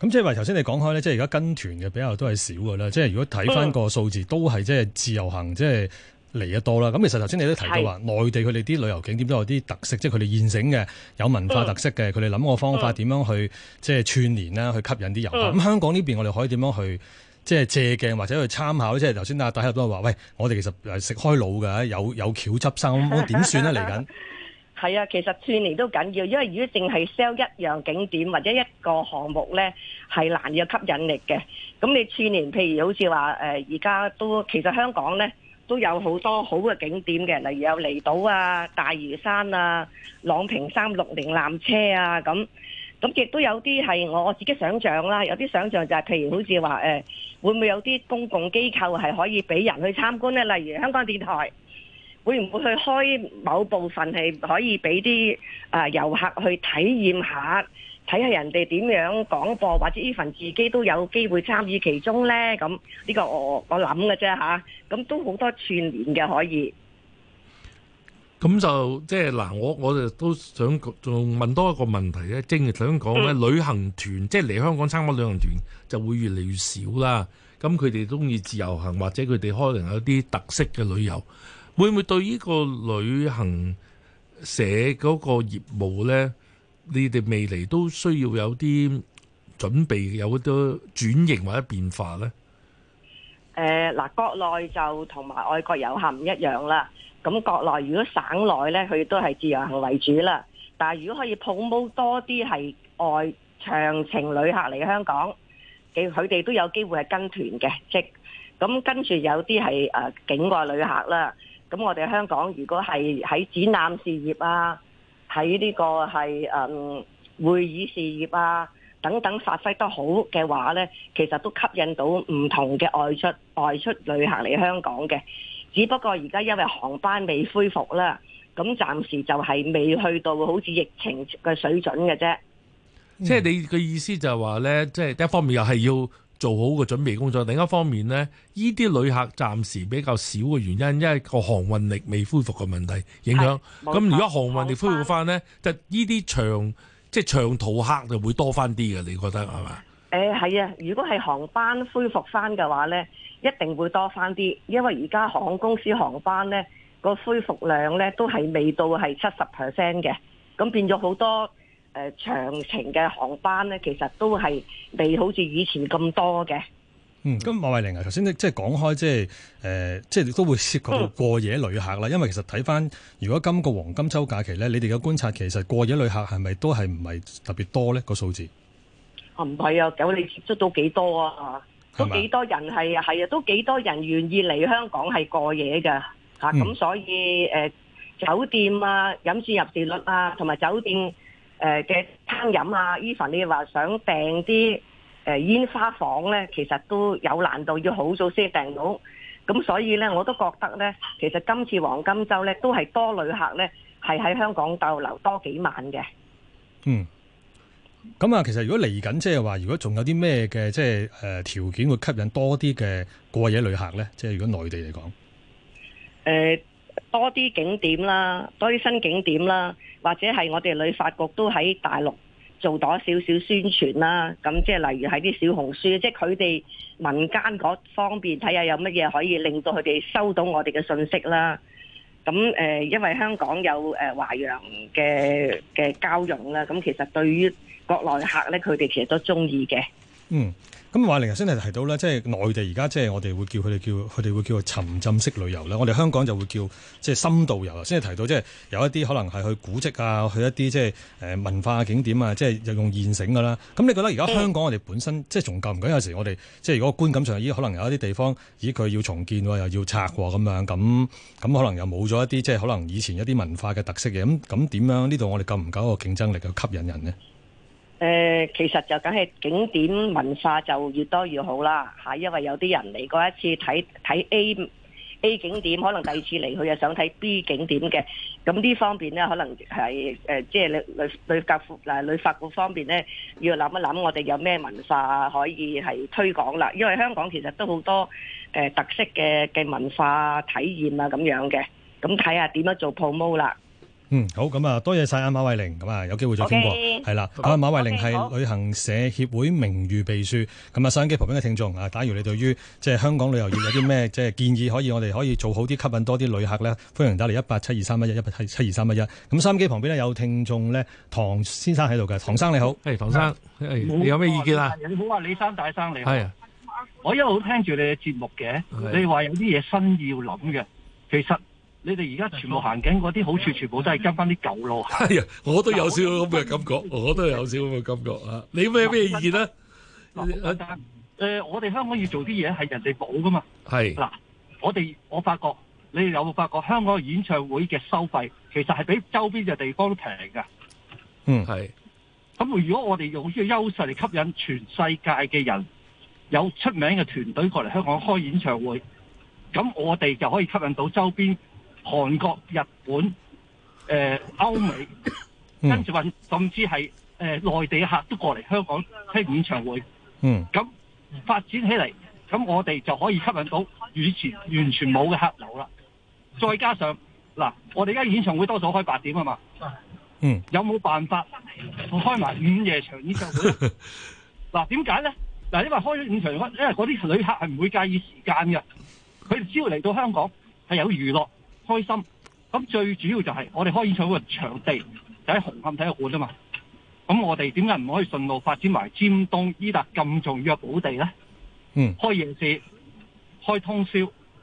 咁即係話頭先你講開咧，即係而家跟團嘅比較都係少嘅啦。即係如果睇翻個數字，嗯、都係即係自由行，即係。嚟得多啦，咁其實頭先你都提到話，內地佢哋啲旅遊景點都有啲特色，即係佢哋現成嘅有文化特色嘅，佢哋諗個方法點樣去即係串連啦、嗯，去吸引啲遊客。咁、嗯、香港呢邊我哋可以點樣去即係借鏡或者去參考？即係頭先阿家和都話，喂，我哋其實食開腦㗎，有有巧執生，咁點算咧嚟緊？係 啊，其實串連都緊要，因為如果淨係 sell 一樣景點或者一個項目咧，係難有吸引力嘅。咁你串連，譬如好似話誒，而家都其實香港咧。都有好多好嘅景點嘅，例如有離島啊、大嶼山啊、朗平三六零纜車啊咁，咁亦都有啲係我自己想象啦，有啲想象就係、是、譬如好似話誒，會唔會有啲公共機構係可以俾人去參觀呢？例如香港電台，會唔會去開某部分係可以俾啲啊遊客去體驗一下？睇下人哋點樣廣播，或者 even 自己都有機會參與其中咧。咁呢個我我我諗嘅啫嚇，咁都好多串聯嘅可以。咁就即係嗱，我我哋都想仲問多一個問題咧，即係想講咧，旅行團即係嚟香港參加旅行團就會越嚟越少啦。咁佢哋中意自由行，或者佢哋可能有啲特色嘅旅遊，會唔會對呢個旅行社嗰個業務咧？你哋未來都需要有啲準備，有好多轉型或者變化咧。誒，嗱，國內就同埋外國遊客唔一樣啦。咁國內如果省內咧，佢都係自由行為主啦。但係如果可以 promote 多啲係外長程旅客嚟嘅香港，佢佢哋都有機會係跟團嘅，即咁跟住有啲係誒境外旅客啦。咁我哋香港如果係喺展覽事業啊。喺呢、這個係誒、嗯、會議事業啊等等發揮得好嘅話呢，其實都吸引到唔同嘅外出外出旅客嚟香港嘅。只不過而家因為航班未恢復啦，咁暫時就係未去到好似疫情嘅水準嘅啫、嗯。即係你嘅意思就係話呢，即係一方面又係要。做好個準備工作。另一方面呢，呢啲旅客暫時比較少嘅原因，因為個航運力未恢復嘅問題影響。咁如果航運力恢復翻呢、嗯，就呢啲長即係長途客就會多翻啲嘅。你覺得係嘛？誒係、呃、啊！如果係航班恢復翻嘅話呢，一定會多翻啲，因為而家航空公司航班呢個恢復量呢，都係未到係七十 percent 嘅。咁變咗好多。誒、呃，長程嘅航班咧，其實都係未好似以前咁多嘅。嗯，咁馬慧玲啊，頭先咧，即係講開，即係誒、呃，即係都會涉及到過夜旅客啦。因為其實睇翻，如果今個黃金周假期咧，你哋嘅觀察，其實過夜旅客係咪都係唔係特別多咧？個數字啊，唔係啊，九你接觸到幾多啊？都幾多人係係啊？都幾多人願意嚟香港係過夜嘅？吓、啊、咁，嗯啊、所以誒、呃，酒店啊，飲食，入住入住率啊，同埋酒店，誒嘅餐飲啊，even 你話想訂啲誒煙花房呢，其實都有難度，要好早先訂到。咁所以呢，我都覺得呢，其實今次黃金週呢，都係多旅客呢，係喺香港逗留多幾晚嘅。嗯。咁啊，其實如果嚟緊，即係話，如果仲有啲咩嘅，即係誒條件會吸引多啲嘅過夜旅客呢，即係如果內地嚟講。誒。多啲景點啦，多啲新景點啦，或者係我哋旅發局都喺大陸做咗少少宣傳啦。咁即係例如喺啲小紅書，即係佢哋民間嗰方面，睇下有乜嘢可以令到佢哋收到我哋嘅信息啦。咁誒、呃，因為香港有誒、呃、華洋嘅嘅交融啦，咁其實對於國內客咧，佢哋其實都中意嘅。嗯。咁話嚟頭先係提到咧，即係內地而家即係我哋會叫佢哋叫佢哋會叫沉浸式旅遊啦。我哋香港就會叫即係深度遊啊。先係提到即係有一啲可能係去古蹟啊，去一啲即係誒文化景點啊，即係又用現成㗎啦。咁你覺得而家香港我哋本身、嗯、即係仲夠唔夠？有時我哋即係如果觀感上，已經，可能有一啲地方咦，佢要重建喎，又要拆喎，咁樣咁咁，可能又冇咗一啲即係可能以前一啲文化嘅特色嘅。咁咁點樣？呢度我哋夠唔夠一個競爭力去吸引人呢？誒，其實就梗係景點文化就越多越好啦，吓，因為有啲人嚟過一次睇睇 A A 景點，可能第二次嚟佢又想睇 B 景點嘅，咁呢方面咧，可能係誒、呃，即係你，旅旅教、旅發局方面咧，要諗一諗我哋有咩文化可以係推廣啦，因為香港其實都好多誒、呃、特色嘅嘅文化體驗啊，咁樣嘅，咁睇下點樣做 promo 啦。嗯，好，咁啊，多謝晒阿馬慧玲，咁啊，有機會再傾過，係、okay. 啦。啊、okay. 嗯，馬慧玲係旅行社協會名譽秘書，咁、okay. 啊、okay.，收音機旁邊嘅聽眾啊，假如你對於即係香港旅遊業有啲咩即係建議，可以我哋可以做好啲，吸引多啲旅客咧，歡迎打嚟一八七二三一一一八七二三一一。咁收音機旁邊呢，有聽眾咧，唐先生喺度嘅，唐生你好，唐生，你有咩意見啊？你好啊，李生、大生你好。啊、我一路聽住你嘅節目嘅、啊，你話有啲嘢新意要諗嘅，其實。你哋而家全部行緊嗰啲好處，全部都係跟翻啲舊路。係啊，我都有少咁嘅感覺，我都有少咁嘅感覺有啊！你咩咩意見呢？誒，我哋香港要做啲嘢係人哋補噶嘛？係。嗱，我哋我發覺你哋有冇發覺香港嘅演唱會嘅收費其實係比周邊嘅地方都平㗎。嗯，係。咁如果我哋用呢個優勢嚟吸引全世界嘅人，有出名嘅團隊過嚟香港開演唱會，咁我哋就可以吸引到周邊，韓國、日本、誒、呃、歐美，嗯、跟住話，甚至係誒、呃、內地客都過嚟香港聽演唱會。嗯，咁發展起嚟，咁我哋就可以吸引到以前完全冇嘅客流啦。再加上嗱、嗯，我哋而家演唱會多咗開八點啊嘛。嗯，有冇辦法開埋午夜場演唱會？嗱， 點解咧？嗱，因為開咗午場，因為嗰啲旅客係唔會介意時間嘅，佢哋只要嚟到香港係有娛樂。開心，咁最主要就係我哋開演唱會場地就喺紅磡體育館啊嘛，咁我哋點解唔可以順路發展埋尖東呢笪咁重要嘅寶地咧？嗯，開夜市、開通宵、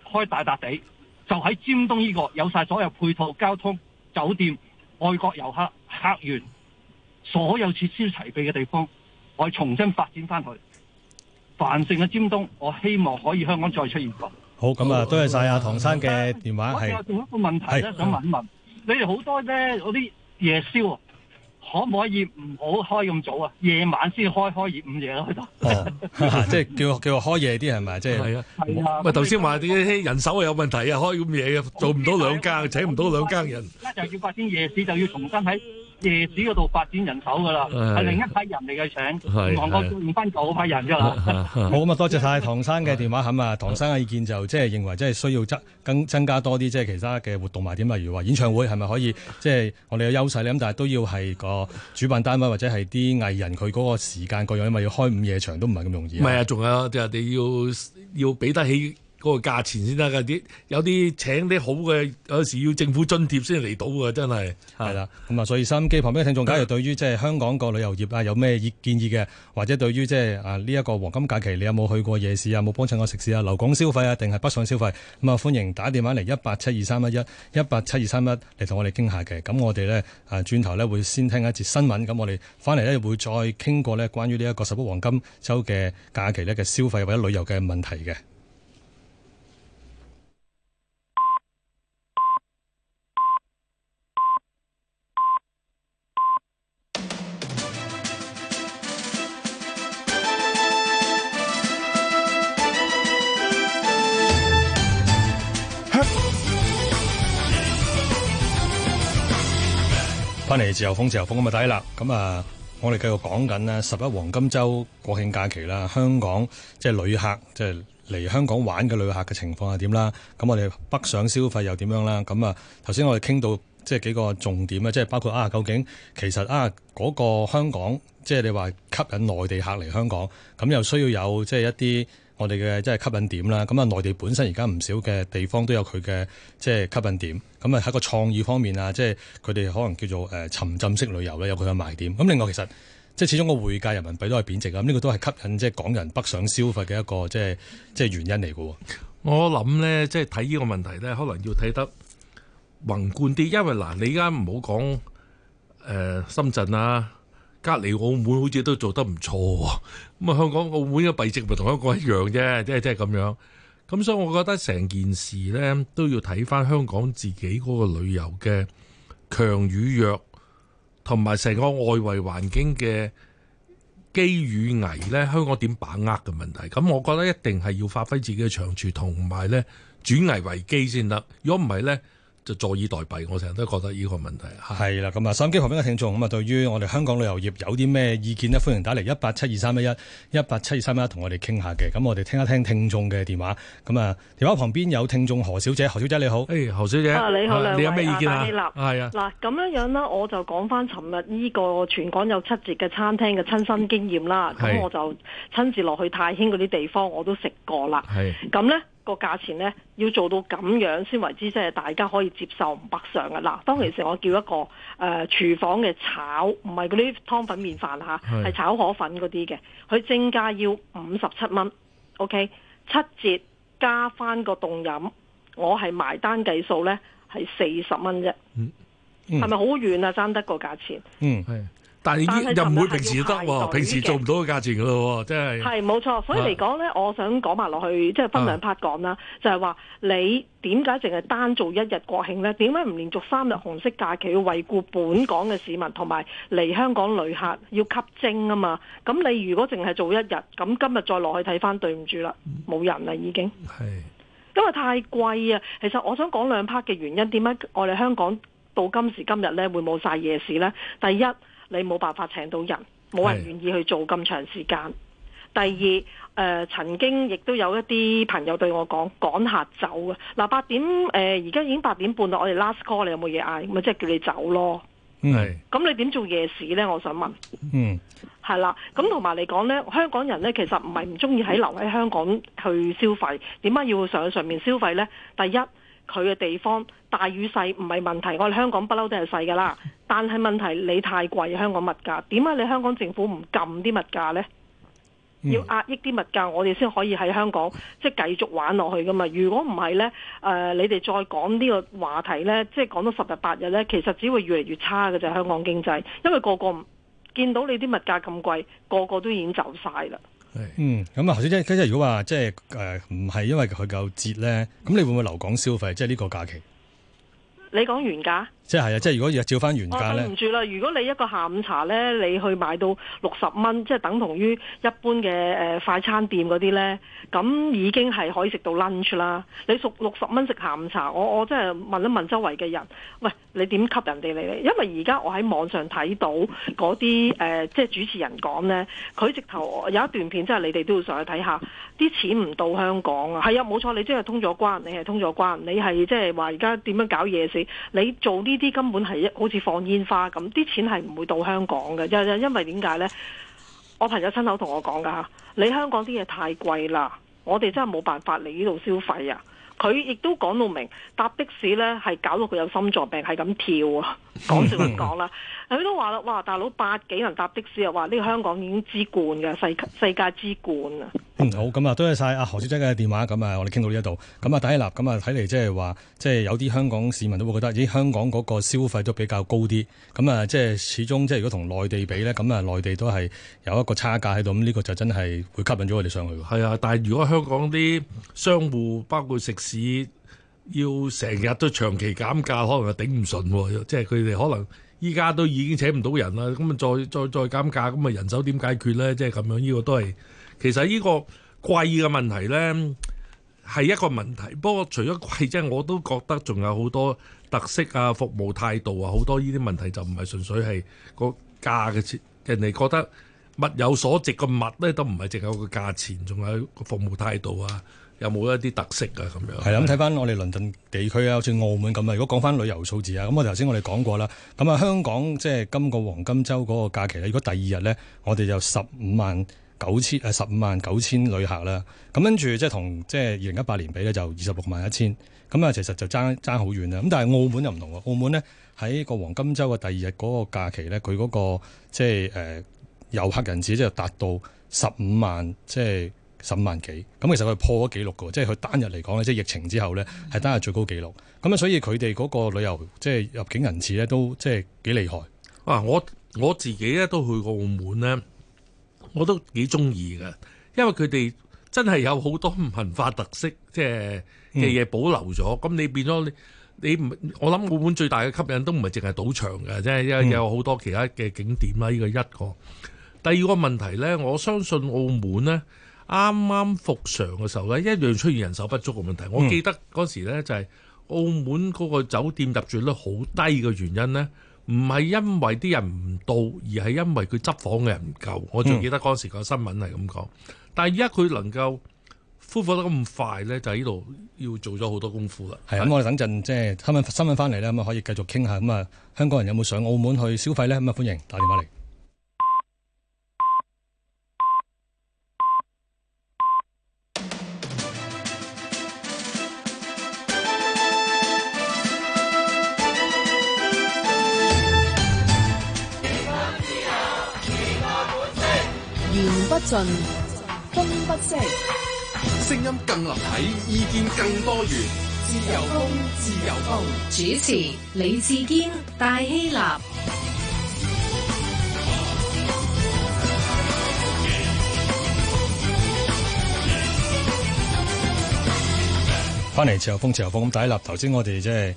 開大笪地，就喺尖東呢個有晒所有配套、交通、酒店、外國遊客客源、所有設施齊備嘅地方，我哋重新發展翻去，繁盛嘅尖東，我希望可以香港再出現過。好，咁啊，多謝晒阿唐生嘅電話，係係。我仲有一個問題咧，想問一問，你哋好多咧嗰啲夜宵，可唔可以唔好開咁早啊？夜晚先開，開午夜咯，喺度。哦，即係叫叫開夜啲係咪？即係係啊。係啊。咪頭先話啲人手啊有問題啊，開咁夜啊，做唔到兩更，請唔到兩更人。而家就要發展夜市，就要重新喺。夜市嗰度發展人手噶啦，係另一批人嚟嘅，請唔同我用翻批人㗎啦。是是是 好，咁啊，多謝晒唐生嘅電話咁啊！是是唐生嘅意見就即係認為，即係需要增增加多啲即係其他嘅活動埋點，例如話演唱會係咪可以即係、就是、我哋有優勢咧？咁 但係都要係個主辦單位或者係啲藝人佢嗰個時間各樣，因為要開午夜場都唔係咁容易。唔係啊，仲有就係、是、你要要俾得起。嗰、那個價錢先得噶啲，有啲請啲好嘅，有時要政府津貼先嚟到㗎。真係係啦。咁啊，所以收音機旁邊嘅聽眾，假如對於即係香港個旅遊業啊，有咩建議嘅，或者對於即係啊呢一個黃金假期，你有冇去過夜市啊，冇有有幫襯過食肆啊、留港消費啊，定係北上消費咁啊？歡迎打電話嚟一八七二三一一一八七二三一嚟同我哋傾下嘅。咁我哋呢，啊，轉頭呢會先聽一節新聞。咁我哋翻嚟呢，會再傾過呢關於呢一個十一黃金週嘅假期呢嘅消費或者旅遊嘅問題嘅。翻嚟自由風，自由風咁咪低啦！咁啊，我哋繼續講緊啦十一黃金周國慶假期啦，香港即係旅客即係嚟香港玩嘅旅客嘅情況係點啦？咁我哋北上消費又點樣啦？咁啊，頭先我哋傾到即係幾個重點啊，即係包括啊，究竟其實啊嗰個香港即係你話吸引內地客嚟香港，咁又需要有即係一啲。我哋嘅即係吸引點啦，咁啊內地本身而家唔少嘅地方都有佢嘅即係吸引點，咁啊喺個創意方面啊，即係佢哋可能叫做誒沉浸式旅遊咧，有佢嘅賣點。咁另外其實即係始終個匯價人民幣都係貶值啊，咁呢個都係吸引即係港人北上消費嘅一個即係即係原因嚟嘅。我諗咧，即係睇呢個問題咧，可能要睇得宏觀啲，因為嗱你而家唔好講誒深圳啊。隔離澳門好似都做得唔錯喎，咁啊香港澳門嘅幣值咪同香港一樣啫，即係即係咁樣。咁所以我覺得成件事呢都要睇翻香港自己嗰個旅遊嘅強與弱，同埋成個外圍環境嘅機與危，呢香港點把握嘅問題？咁我覺得一定係要發揮自己嘅長處，同埋呢轉危為機先得。如果唔係呢，就坐以待斃，我成日都覺得呢個係問題。係啦，咁啊，收、嗯、音、嗯嗯、機旁邊嘅聽眾，咁啊，對於我哋香港旅遊業有啲咩意見呢？歡迎打嚟一八七二三一一一八七二三一一同我哋傾下嘅。咁我哋聽一聽聽眾嘅電話。咁啊，電話旁邊有聽眾何小姐，何小姐你好。誒何小姐。你好，你有咩意見，係啊。嗱，咁樣樣咧，我就講翻尋日呢個全港有七折嘅餐廳嘅親身經驗啦。咁我就親自落去太興嗰啲地方我，我都食過啦。咁咧。個價錢呢要做到咁樣先為之，即係大家可以接受唔北上嘅嗱。當其時我叫一個誒廚、呃、房嘅炒，唔係嗰啲湯粉麵飯吓，係炒河粉嗰啲嘅，佢正價要五十七蚊，OK 七折加翻個凍飲，我係埋單計數呢，係四十蚊啫，係咪好遠啊爭得個價錢？嗯係。但係又唔會平時都得，平時做唔到個價錢噶咯，真係。係冇錯，所以嚟講咧，我想講埋落去，即係分兩 part 講啦，就係話你點解淨係單做一日國慶咧？點解唔連續三日紅色假期要維顧本港嘅市民同埋嚟香港旅客要吸精啊嘛？咁你如果淨係做一日，咁今日再落去睇翻，對唔住啦，冇人啦已經。係因為太貴啊！其實我想講兩 part 嘅原因，點解我哋香港到今時今日咧會冇晒夜市咧？第一。你冇辦法請到人，冇人願意去做咁長時間。第二，誒、呃、曾經亦都有一啲朋友對我講趕客走啊，嗱、呃、八點誒而家已經八點半啦，我哋 last call 你有冇嘢嗌？咪即係叫你走咯。係。咁你點做夜市呢？我想問。嗯。係啦，咁同埋嚟講呢，香港人呢，其實唔係唔中意喺留喺香港去消費，點解要上去上面消費呢？第一。佢嘅地方大與細唔係問題，我哋香港不嬲都係細噶啦。但係問題你太貴，香港物價點解你香港政府唔撳啲物價呢？嗯、要壓抑啲物價，我哋先可以喺香港即係繼續玩落去噶嘛？如果唔係呢，誒、呃、你哋再講呢個話題呢，即係講到十日八日呢，其實只會越嚟越差嘅係、就係、香港經濟，因為個個見到你啲物價咁貴，個個都已經走晒啦。嗯，咁啊，頭先即係，即係如果話，即係誒，唔、呃、係因為佢夠折咧，咁你會唔會留港消費？即係呢個假期？你講原價？即係啊！即係如果要照翻原價咧，唔住啦。如果你一個下午茶咧，你去買到六十蚊，即係等同於一般嘅、誒快餐店啲咧，咁已經係可以食到 lunch 啦。你熟六十蚊食下午茶，我我真係問一問周圍嘅人，喂，你點吸引人哋嚟咧？因為而家我喺網上睇到啲誒、呃、即係主持人講咧，佢直頭有一段片，即係你哋都要上去睇下。啲錢唔到香港啊，係啊，冇錯，你即係通咗關，你係通咗關，你係即係話而家點樣搞嘢先？你做啲。呢啲根本係一好似放煙花咁，啲錢係唔會到香港嘅。因為點解呢？我朋友親口同我講噶，你香港啲嘢太貴啦，我哋真係冇辦法嚟呢度消費啊！佢亦都講到明搭的士呢係搞到佢有心臟病，係咁跳啊！講笑咁講啦。 佢都話啦，哇！大佬百幾人搭的士啊？話呢個香港已經之冠嘅世世界之冠啊！嗯，好咁啊，多謝晒阿何小姐嘅電話。咁啊，我哋傾到呢一度咁啊，第一立咁啊，睇嚟即係話，即係有啲香港市民都會覺得咦？香港嗰個消費都比較高啲咁啊，即係始終即係如果同內地比咧，咁啊內地都係有一個差價喺度。咁呢個就真係會吸引咗佢哋上去。係啊，但係如果香港啲商戶包括食肆，要成日都長期減價，可能就頂唔順喎，即係佢哋可能。依家都已經請唔到人啦，咁啊再再再減價，咁啊人手點解決呢？即係咁樣，呢個都係其實呢個貴嘅問題呢，係一個問題。不過除咗貴，即係我都覺得仲有好多特色啊、服務態度啊，好多呢啲問題就唔係純粹係個價嘅。人哋覺得物有所值嘅物呢都唔係淨係個價錢，仲有個服務態度啊。有冇一啲特色啊？咁樣係啦，咁睇翻我哋倫敦地區啊，好似澳門咁啊。如果講翻旅遊數字啊，咁我頭先我哋講過啦。咁啊，香港即係今個黃金周嗰個假期咧，如果第二日咧，我哋就十五萬九千誒十五萬九千旅客啦。咁跟住即係同即係二零一八年比咧，就二十六萬一千。咁啊，其實就爭爭好遠啦。咁但係澳門又唔同喎，澳門咧喺個黃金周嘅第二日嗰個假期咧，佢嗰個即係誒遊客人次，即係達到十五萬即係。十萬幾，咁其實佢破咗紀錄㗎，即係佢單日嚟講咧，即係疫情之後咧，係單日最高紀錄。咁啊，所以佢哋嗰個旅遊，即係入境人次咧，都即係幾厲害。啊，我我自己咧都去過澳門咧，我都幾中意㗎，因為佢哋真係有好多唔文化特色，即係嘅嘢保留咗。咁、嗯、你變咗你你，我諗澳門最大嘅吸引都唔係淨係賭場嘅，即係又有好多其他嘅景點啦。呢、這個一個，第二個問題咧，我相信澳門咧。啱啱復常嘅時候咧，一樣出現人手不足嘅問題、嗯。我記得嗰時咧就係澳門嗰個酒店入住率好低嘅原因咧，唔係因為啲人唔到，而係因為佢執房嘅人唔夠。我仲記得嗰時個新聞係咁講。但係而家佢能夠恢復得咁快咧，就喺度要做咗好多功夫啦。係咁，我哋等陣即係新聞翻嚟咧，咁啊可以繼續傾下。咁啊，香港人有冇上澳門去消費咧？咁啊歡迎打電話嚟。進風不息，聲音更立體，意見更多元。自由風，自由風。主持李志堅，戴希立，翻嚟自由風，自由風，咁第一立。頭先我哋即係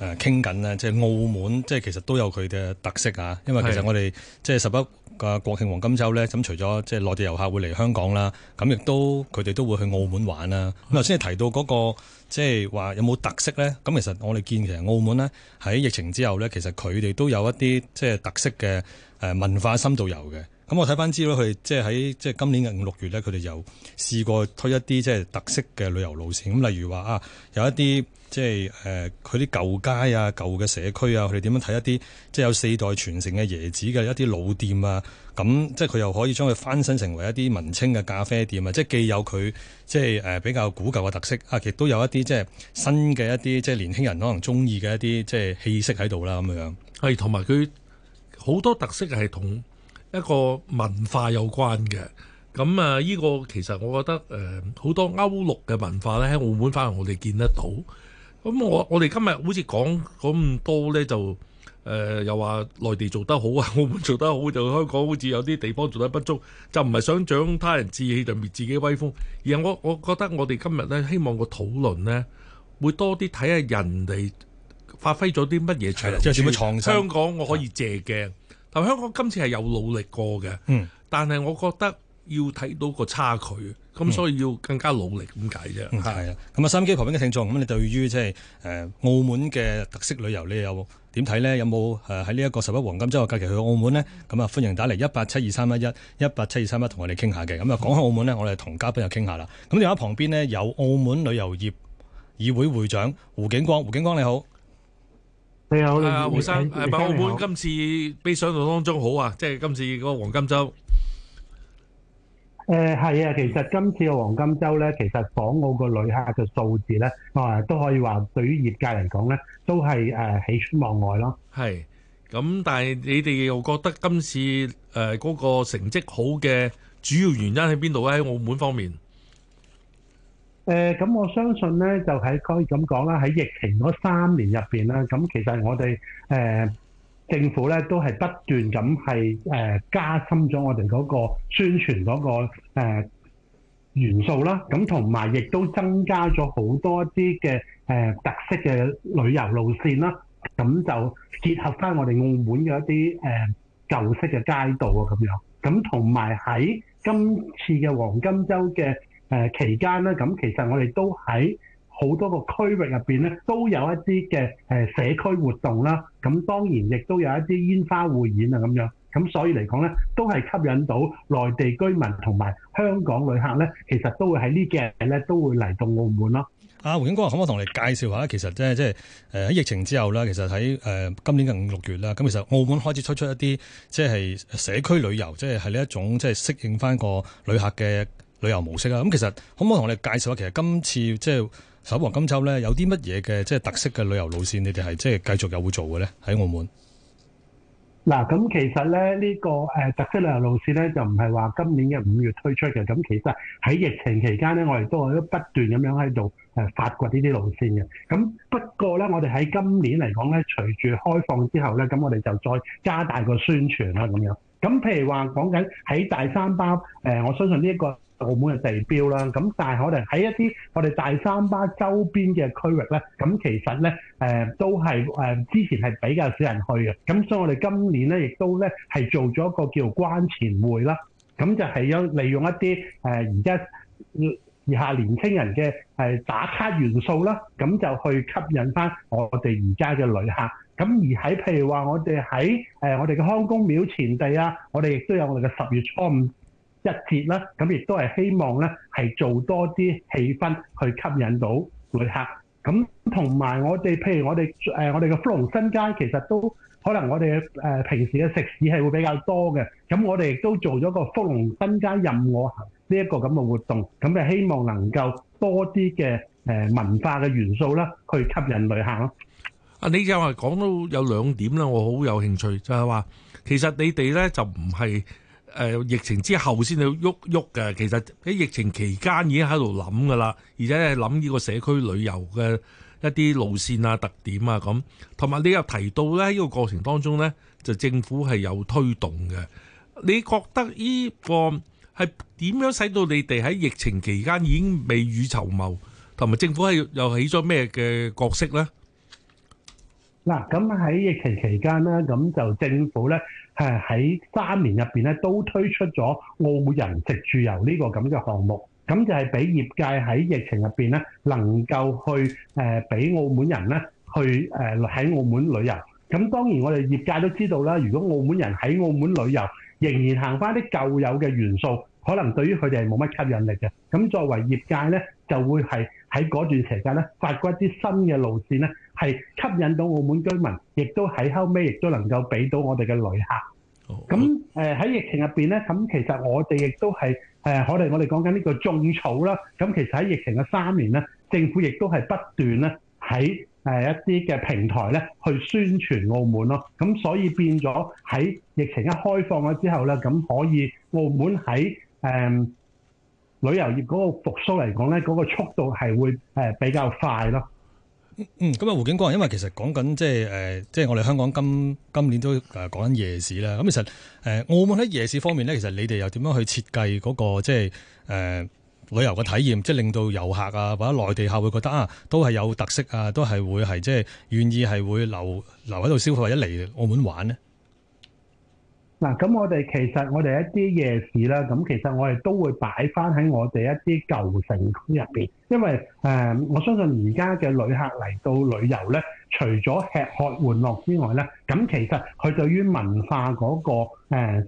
誒傾緊咧，即係澳門，即係其實都有佢嘅特色啊。因為其實我哋即係十一，個國慶黃金周咧，咁除咗即係內地遊客會嚟香港啦，咁亦都佢哋都會去澳門玩啦。頭先係提到嗰個即係話有冇特色咧？咁其實我哋見其實澳門咧喺疫情之後咧，其實佢哋都有一啲即係特色嘅誒文化深度遊嘅。咁我睇翻資料，佢即係喺即係今年嘅五六月咧，佢哋又試過推，推一啲即係特色嘅旅遊路線。咁例如話啊，有一啲即係誒佢啲舊街啊、舊嘅社區啊，佢哋點樣睇一啲即係有四代傳承嘅椰子嘅一啲老店啊？咁即係佢又可以將佢翻新成為一啲文青嘅咖啡店啊，即係既有佢即係誒比較古舊嘅特色啊，亦都有一啲即係新嘅一啲即係年輕人可能中意嘅一啲即係氣息喺度啦。咁樣係同埋佢好多特色係同。一個文化有關嘅。咁啊，呢個其實我覺得誒，好、呃、多歐陸嘅文化呢，喺澳門反而我哋見得到。咁我我哋今日好似講咁多呢，就誒、呃、又話內地做得好啊，澳門做得好，就香港好似有啲地方做得不足，就唔係想長他人志氣就滅自己的威風。而我我覺得我哋今日呢，希望個討論呢，會多啲睇下人哋發揮咗啲乜嘢出嚟，即係點樣創新。香港我可以借鏡。啊嗱，香港今次係有努力過嘅、嗯，但係我覺得要睇到個差距，咁、嗯、所以要更加努力咁解啫。啊，咁、嗯、啊，收音機旁邊嘅聽眾，咁你對於即、就、係、是、澳門嘅特色旅遊，你有點睇咧？有冇喺呢一個十一黃金周假期去澳門咧？咁、嗯、啊，歡迎打嚟一八七二三一一一八七二三一同我哋傾下嘅。咁、嗯、啊，講開澳門咧，我哋同嘉賓又傾下啦。咁電話旁邊咧有澳門旅遊業議會會,會,會長胡景光，胡景光你好。你好啊，胡生，誒，馬澳門今次比想象當中好啊，即係今次嗰個黃金周。誒，係啊，其實今次嘅黃金周咧，其實港澳個旅客嘅數字咧，誒，都可以話對於業界嚟講咧，都係誒喜出望外咯。係咁，但係你哋又覺得今次誒嗰個成績好嘅主要原因喺邊度咧？喺澳門方面？誒、呃、咁我相信咧，就喺可以咁講啦，喺疫情嗰三年入邊啦，咁其實我哋誒、呃、政府咧都係不斷咁係誒加深咗我哋嗰個宣傳嗰、嗰個、呃、元素啦，咁同埋亦都增加咗好多啲嘅誒特色嘅旅遊路線啦，咁就結合翻我哋澳門嘅一啲誒、呃、舊式嘅街道啊咁樣，咁同埋喺今次嘅黃金周嘅，誒期間呢，咁其實我哋都喺好多個區域入面呢，都有一啲嘅社區活動啦。咁當然亦都有一啲煙花匯演啊咁樣。咁所以嚟講呢，都係吸引到內地居民同埋香港旅客呢，其實都會喺呢幾日呢都會嚟到澳門咯。阿、啊、胡景光，可唔可以同你介紹下？其實即係即係誒疫情之後啦，其實喺誒今年嘅五六月啦，咁其實澳門開始推出一啲即係社區旅遊，即係係呢一種即係適應翻個旅客嘅旅遊模式啊，咁其實可唔可以同我哋介紹下，其實今次即係首黃金周咧，有啲乜嘢嘅即係特色嘅旅遊路線，你哋係即係繼續有會做嘅咧？喺澳門嗱，咁其實咧呢、呢個誒、呃、特色旅遊路線咧，就唔係話今年嘅五月推出嘅。咁其實喺疫情期間咧，我哋都係不斷咁樣喺度誒發掘呢啲路線嘅。咁不過咧，我哋喺今年嚟講咧，隨住開放之後咧，咁我哋就再加大個宣傳啦，咁樣。咁譬如話講緊喺大三巴誒、呃，我相信呢、呢、一個。澳門嘅地標啦，咁但係可能喺一啲我哋大三巴周邊嘅區域咧，咁其實咧都係之前係比較少人去嘅，咁所以我哋今年咧亦都咧係做咗個叫關前會啦，咁就係用利用一啲誒而家時下年輕人嘅誒打卡元素啦，咁就去吸引翻我哋而家嘅旅客，咁而喺譬如話我哋喺誒我哋嘅康公廟前地啊，我哋亦都有我哋嘅十月初五。一節啦，咁亦都係希望咧，係做多啲氣氛去吸引到旅客。咁同埋我哋，譬如我哋誒我哋嘅福隆新街，其實都可能我哋誒平時嘅食肆係會比較多嘅。咁我哋亦都做咗個福隆新街任我行呢一個咁嘅活動。咁就希望能夠多啲嘅誒文化嘅元素啦，去吸引旅客。啊，你又係講到有兩點咧，我好有興趣就係話，其實你哋咧就唔係。誒、呃、疫情之後先至喐喐嘅？其實喺疫情期間已經喺度諗噶啦，而且係諗呢個社區旅遊嘅一啲路線啊、特點啊咁，同埋你又提到咧，呢個過程當中咧，就政府係有推動嘅。你覺得呢個係點樣使到你哋喺疫情期間已經未雨綢繆，同埋政府係又起咗咩嘅角色咧？嗱，咁喺疫情期間咧，咁就政府咧。誒喺三年入面咧，都推出咗澳門人食住遊呢個咁嘅項目，咁就係俾業界喺疫情入面咧，能夠去誒俾澳門人咧去誒喺澳門旅遊。咁當然我哋業界都知道啦，如果澳門人喺澳門旅遊，仍然行翻啲舊有嘅元素，可能對於佢哋係冇乜吸引力嘅。咁作為業界咧，就會係喺嗰段時間咧，發掘一啲新嘅路線咧，係吸引到澳門居民，亦都喺後尾亦都能夠俾到我哋嘅旅客。咁誒喺疫情入邊咧，咁其實我哋亦都係誒，可能我哋講緊呢個種草啦。咁其實喺疫情嘅三年咧，政府亦都係不斷咧喺誒一啲嘅平台咧去宣傳澳門咯。咁所以變咗喺疫情一開放咗之後咧，咁可以澳門喺誒、呃、旅遊業嗰個復甦嚟講咧，嗰、嗰個速度係會誒比較快咯。嗯咁啊胡景光，因為其實講緊、呃、即係即係我哋香港今今年都誒講緊夜市啦。咁其實誒澳門喺夜市方面咧，其實你哋又點樣去設計嗰個即係誒、呃、旅遊嘅體驗，即係令到遊客啊或者內地客會覺得啊，都係有特色啊，都係會係即係願意係會留留喺度消費，或者一嚟澳門玩呢？嗱，咁我哋其實我哋一啲夜市啦，咁其實我哋都會擺翻喺我哋一啲舊城區入面，因為誒、呃，我相信而家嘅旅客嚟到旅遊咧，除咗吃喝玩樂之外咧，咁其實佢對於文化嗰、嗰個、呃、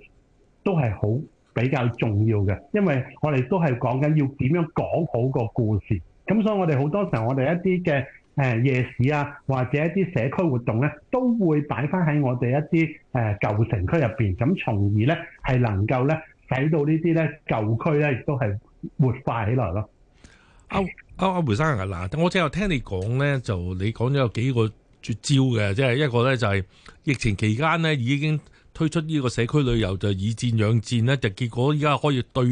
都係好比較重要嘅，因為我哋都係講緊要點樣講好個故事，咁所以我哋好多時候我哋一啲嘅，誒、呃、夜市啊，或者一啲社區活動咧，都會擺翻喺我哋一啲誒、呃、舊城區入邊，咁從而咧係能夠咧，使到呢啲咧舊區咧亦都係活化起來咯。阿阿阿胡生啊，嗱、啊啊，我正話聽你講咧，就你講咗有幾個絕招嘅，即係一個咧就係、是、疫情期間咧已經推出呢個社區旅遊就以戰養戰咧，就結果依家可以對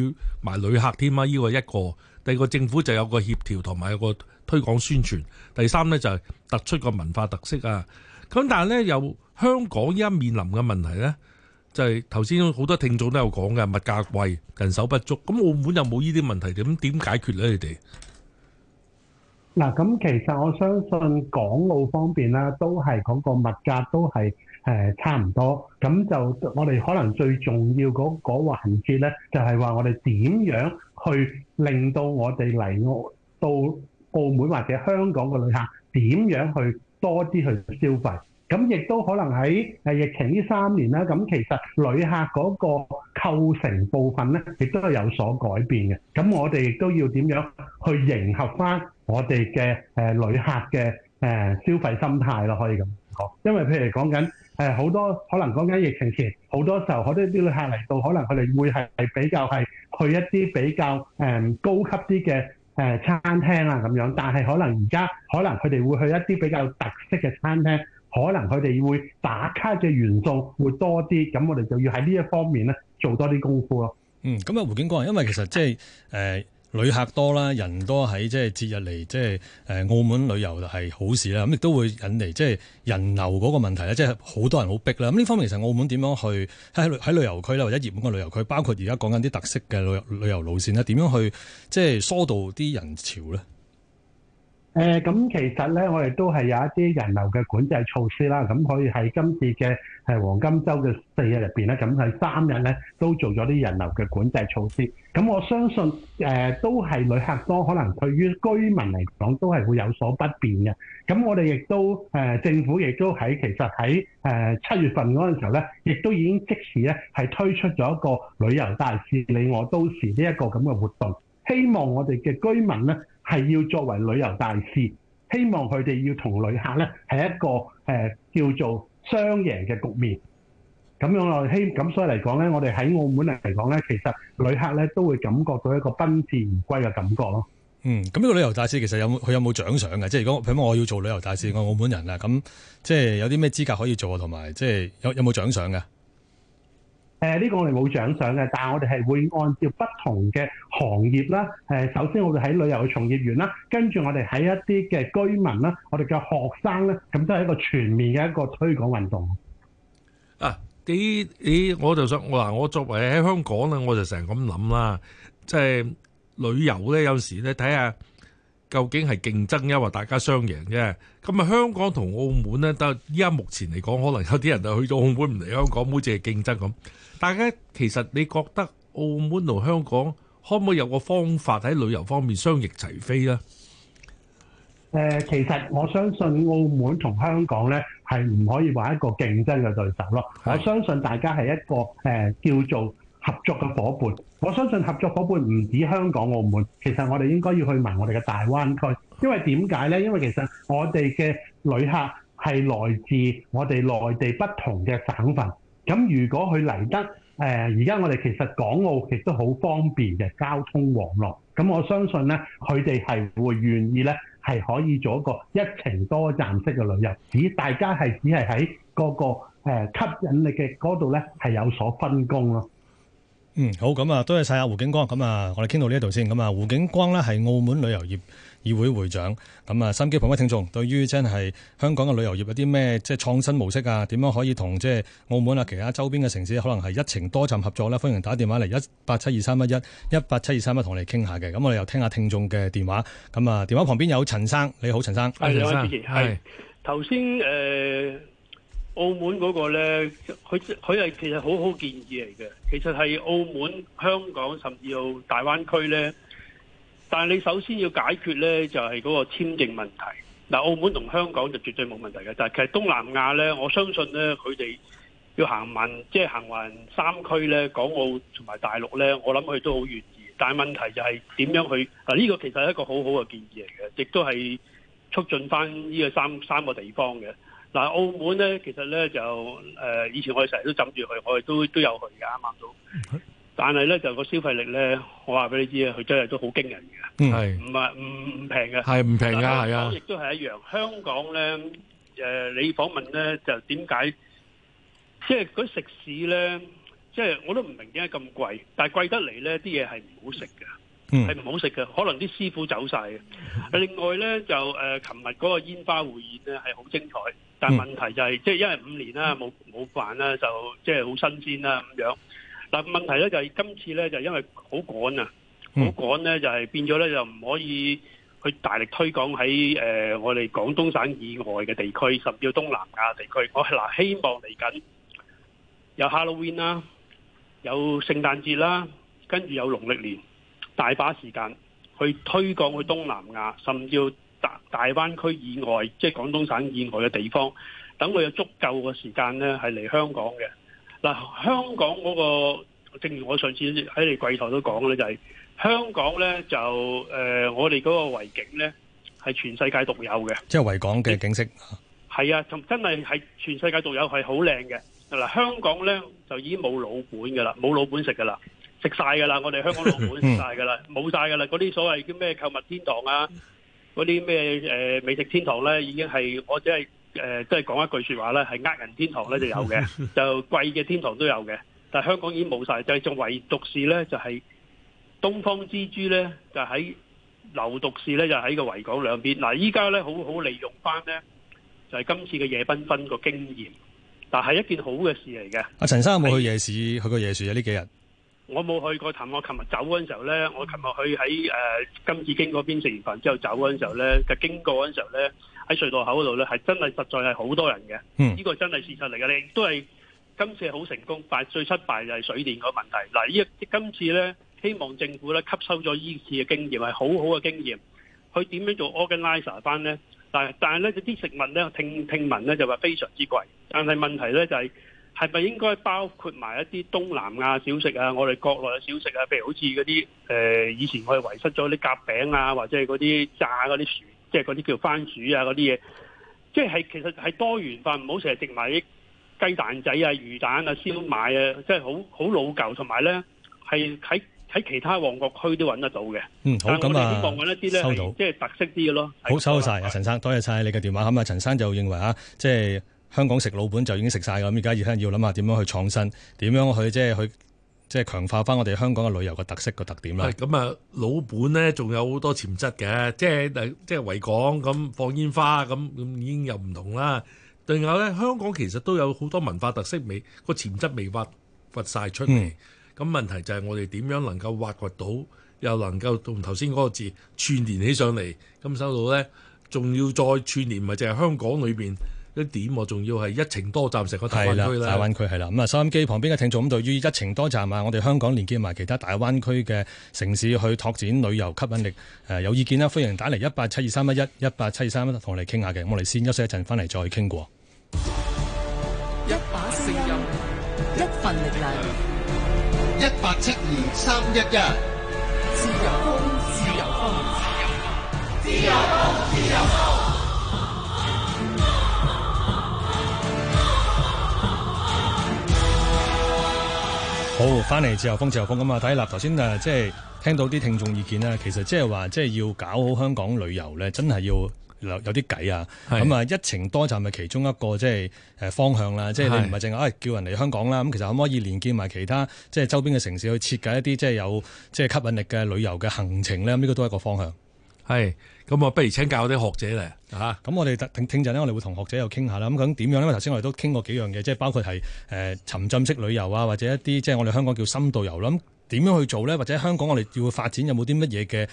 埋旅客添啊！依、這個一個，第二個政府就有一個協調同埋有個。推廣宣傳，第三呢，就係突出個文化特色啊！咁但係呢，有香港依家面臨嘅問題呢，就係頭先好多聽眾都有講嘅，物價貴、人手不足。咁澳門有冇呢啲問題？咁點解決呢？你哋嗱，咁其實我相信港澳方面啦，都係嗰個物價都係誒差唔多。咁就我哋可能最重要嗰個環節呢，就係話我哋點樣去令到我哋嚟澳到。澳門或者香港嘅旅客點樣去多啲去消費？咁亦都可能喺疫情呢三年啦。咁其實旅客嗰個構成部分咧，亦都有所改變嘅。咁我哋亦都要點樣去迎合翻我哋嘅誒旅客嘅消費心態咯。可以咁講，因為譬如講緊好多可能講緊疫情前好多時候，好多啲旅客嚟到，可能佢哋會係比較係去一啲比較誒高級啲嘅。誒、呃、餐廳啊咁樣，但係可能而家可能佢哋會去一啲比較特色嘅餐廳，可能佢哋會打卡嘅元素會多啲，咁我哋就要喺呢一方面咧做多啲功夫咯。嗯，咁啊胡景光，因為其實 即係誒。呃旅客多啦，人多喺即係節日嚟，即係誒澳門旅遊係好事啦。咁亦都會引嚟即係人流嗰個問題咧，即係好多人好逼啦。咁呢方面其實澳門點樣去喺喺旅遊區啦，或者熱門嘅旅遊區，包括而家講緊啲特色嘅旅遊旅遊路線咧，點樣去即係疏導啲人潮咧？誒、嗯、咁其實咧，我哋都係有一啲人流嘅管制措施啦。咁可以喺今次嘅係黃金週嘅四日入面，咧，咁係三日咧都做咗啲人流嘅管制措施。咁我相信誒、呃、都係旅客多，可能對於居民嚟講都係會有所不便嘅。咁我哋亦都誒、呃、政府亦都喺其實喺誒七月份嗰陣時候咧，亦都已經即時咧係推出咗一個旅遊大使你我都市呢一個咁嘅活動。希望我哋嘅居民咧，係要作為旅遊大使，希望佢哋要同旅客咧，係一個誒、呃、叫做雙贏嘅局面。咁樣我希咁，所以嚟講咧，我哋喺澳門嚟講咧，其實旅客咧都會感覺到一個賓至如歸嘅感覺咯。嗯，咁呢個旅遊大使其實有佢有冇獎賞嘅？即係如果譬如我要做旅遊大使，我是澳門人啦，咁即係有啲咩資格可以做啊？同埋即係有有冇獎賞嘅？誒呢個我哋冇獎賞嘅，但係我哋係會按照不同嘅行業啦。誒，首先我哋喺旅遊嘅從業員啦，跟住我哋喺一啲嘅居民啦，我哋嘅學生咧，咁都係一個全面嘅一個推廣運動。啊，你你我就想我話我作為喺香港啦，我就成日咁諗啦，即係旅遊咧，有時咧睇下。究竟係競爭啊，或大家雙贏啫？咁啊，香港同澳門咧，但係依家目前嚟講，可能有啲人就去咗澳門唔嚟香港，好似係競爭咁。大家其實你覺得澳門同香港可唔可以有個方法喺旅遊方面雙翼齊飛咧？誒，其實我相信澳門同香港咧係唔可以話一個競爭嘅對手咯。我相信大家係一個誒叫做合作嘅夥伴。我相信合作伙伴唔止香港、澳門，其實我哋應該要去埋我哋嘅大灣區，因為點解咧？因為其實我哋嘅旅客係來自我哋內地不同嘅省份，咁如果佢嚟得，誒、呃，而家我哋其實港澳亦都好方便嘅交通網絡，咁我相信咧，佢哋係會願意咧，係可以做一個一程多站式嘅旅遊，只大家係只係喺嗰個誒吸引力嘅嗰度咧係有所分工咯。嗯，好，咁啊，多謝晒阿胡景光，咁啊，我哋傾到呢一度先，咁啊，胡景光呢係澳門旅遊業議會會，會長，咁啊，心機旁位聽眾，對於真係香港嘅旅遊業有啲咩即係創新模式啊？點樣可以同即係澳門啊，其他周邊嘅城市可能係一程多站合作呢？歡迎打電話嚟一八七二三一一，一八七二三一，同我哋傾下嘅，咁我哋又聽下聽眾嘅電話，咁啊，電話旁邊有陳生，你好，陳生，係你好，主持人，係頭先誒。澳門嗰個呢，佢佢係其實好好建議嚟嘅，其實係澳門、香港甚至到大灣區呢。但係你首先要解決呢，就係嗰個簽證問題。嗱，澳門同香港就絕對冇問題嘅，但係其實東南亞呢，我相信呢，佢哋要行環，即係行環三區呢，港澳同埋大陸呢。我諗佢都好願意。但係問題就係點樣去？嗱，呢個其實係一個好好嘅建議嚟嘅，亦都係促進翻呢個三三個地方嘅。嗱，澳門咧，其實咧就誒，以前我哋成日都枕住佢，我哋都都有去㗎，啱到。但係咧就個消費力咧，我話俾你知啊，佢真係都好驚人嘅。嗯，係。唔係唔唔平嘅。係唔平嘅，係啊。香港亦都係一樣。香港咧，誒，你訪問咧就點解？即係嗰食肆咧，即係我都唔明點解咁貴，但係貴得嚟咧，啲嘢係唔好食嘅，係唔好食嘅。可能啲師傅走曬嘅。另外咧就誒，琴日嗰個煙花匯演咧係好精彩。但問題就係、是，即係因為五年啦，冇冇辦啦，就即係好新鮮啦咁樣。但問題咧就係、是、今次咧就是、因為好趕啊，好趕咧就係變咗咧就唔可以去大力推廣喺誒、呃、我哋廣東省以外嘅地區，甚至到東南亞地區。我係嗱希望嚟緊有 Halloween 啦，有聖誕節啦，跟住有農曆年，大把時間去推廣去東南亞，甚至大灣區以外，即係廣東省以外嘅地方，等佢有足夠嘅時間咧，係嚟香港嘅。嗱，香港嗰個，正如我上次喺你櫃台都講咧，就係香港咧就誒，我哋嗰個維景咧係全世界獨有嘅。即係維港嘅景色。係啊，同真係係全世界獨有，係好靚嘅。嗱，香港咧就已經冇老本噶啦，冇老本食噶啦，食晒噶啦，我哋香港老本食晒噶啦，冇晒噶啦，嗰啲所謂叫咩購物天堂啊！嗰啲咩誒美食天堂咧，已經係我只係誒，即係講一句説話咧，係呃人天堂咧就有嘅，就貴嘅天堂都有嘅。但係香港已經冇晒，就係仲唯獨是咧，就係、是、東方之珠咧，就喺、是、流獨市咧，就喺、是、個維港兩邊。嗱，依家咧好好利用返咧，就係、是、今次嘅夜繽紛個經驗，但係一件好嘅事嚟嘅。阿陳生有冇去，夜市，去夜市，去過夜市啊？呢幾日？我冇去過，但我琴日走嗰陣時候咧，我琴日去喺誒金紫荊嗰邊食完飯之後走嗰陣時候咧，就經過嗰陣時候咧，喺隧道口嗰度咧，係真係實在係好多人嘅，呢、呢個真係事實嚟嘅。你都係今次係好成功，但最失敗就係水電個問題。嗱，呢個今次咧，希望政府咧吸收咗呢次嘅經驗，係好好嘅經驗。佢點樣做 organizer 翻咧？但係但係咧，啲食物咧，聽聽聞咧就話非常之貴，但係問題咧就係、是。係咪應該包括埋一啲東南亞小食啊？我哋國內嘅小食啊，譬如好似嗰啲誒，以前我哋遺失咗啲夾餅啊，或者係嗰啲炸嗰啲薯，即係嗰啲叫番薯啊嗰啲嘢，即係其實係多元化，唔好成日食埋啲雞蛋仔啊、魚蛋啊、燒賣啊，即係好好老舊，同埋咧係喺喺其他旺角區都揾得到嘅。嗯，好，咁、啊、一啲啲即係特色啲嘅囉好，好收好晒啊，陳生，多謝晒你嘅電話。咁、嗯、啊，陳生就認為啊，即係。香港食老本就已經食晒㗎，咁而家要睇要諗下點樣去創新，點樣去即係去即係強化翻我哋香港嘅旅遊個特色、個特點啦。咁啊，老本咧仲有好多潛質嘅，即係即係維港咁放煙花咁咁已經又唔同啦。仲有咧，香港其實都有好多文化特色，未個潛質未挖掘晒出嚟。咁、嗯、問題就係我哋點樣能夠挖掘到，又能夠同頭先嗰個字串連起上嚟，咁收到咧，仲要再串連，咪係淨係香港裏邊。一點我仲要係一程多站成個大灣區啦，大灣區係啦。咁啊，收音機旁邊嘅聽眾咁對於一程多站啊，我哋香港連接埋其他大灣區嘅城市去拓展旅遊吸引力，誒、呃、有意見啦，歡迎打嚟一八七二三一一一八七二三一，同我哋傾下嘅。咁我哋先休息一陣，翻嚟再傾過。一把聲音，一份力量，一八七二三一一。翻嚟自由風自由風咁啊，睇下啦，頭先啊。即係聽到啲聽眾意見咧，其實即係話即係要搞好香港旅遊咧，真係要有啲計啊！咁啊，一程多站係咪其中一個即係誒方向啦？即係你唔係淨係叫人嚟香港啦，咁其實可唔可以連結埋其他即係周邊嘅城市去設計一啲即係有即係吸引力嘅旅遊嘅行程咧？咁呢個都係一個方向。係。咁我不如請教啲學者咧。咁，啊、我哋聽，聽陣咧，我哋會同學者又傾下啦。咁究竟點樣咧？因為頭先我哋都傾過幾樣嘢，即係包括係誒、呃、沉浸式旅遊啊，或者一啲即係我哋香港叫深度遊啦。咁，嗯、點樣去做咧？或者香港我哋要發展有冇啲乜嘢嘅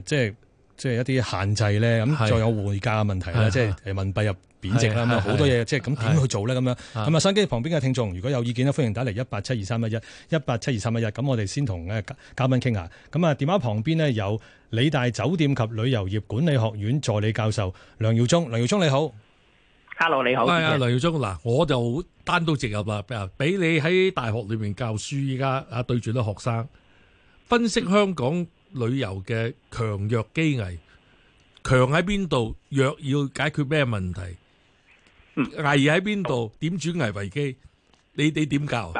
即係即係一啲限制咧？咁再有匯價嘅問題啦，即係人民幣入。貶值啦，咁好多嘢，即係咁點去做咧？咁樣咁啊！收機旁邊嘅聽眾，如果有意見咧，歡迎打嚟，一八七二三一一一八七二三一一。咁我哋先同嘅嘉賓傾下。咁啊，電話旁邊呢，有理大酒店及旅遊業管理學院助理教授梁堯忠。梁堯忠你好，Hello，你好。啊，梁堯忠嗱，我就單刀直入啦，俾俾你喺大學裏面教書，依家啊對住啲學生分析香港旅遊嘅強弱機危，強喺邊度，弱要解決咩問題？危喺邊度？點轉危為機？你你點教？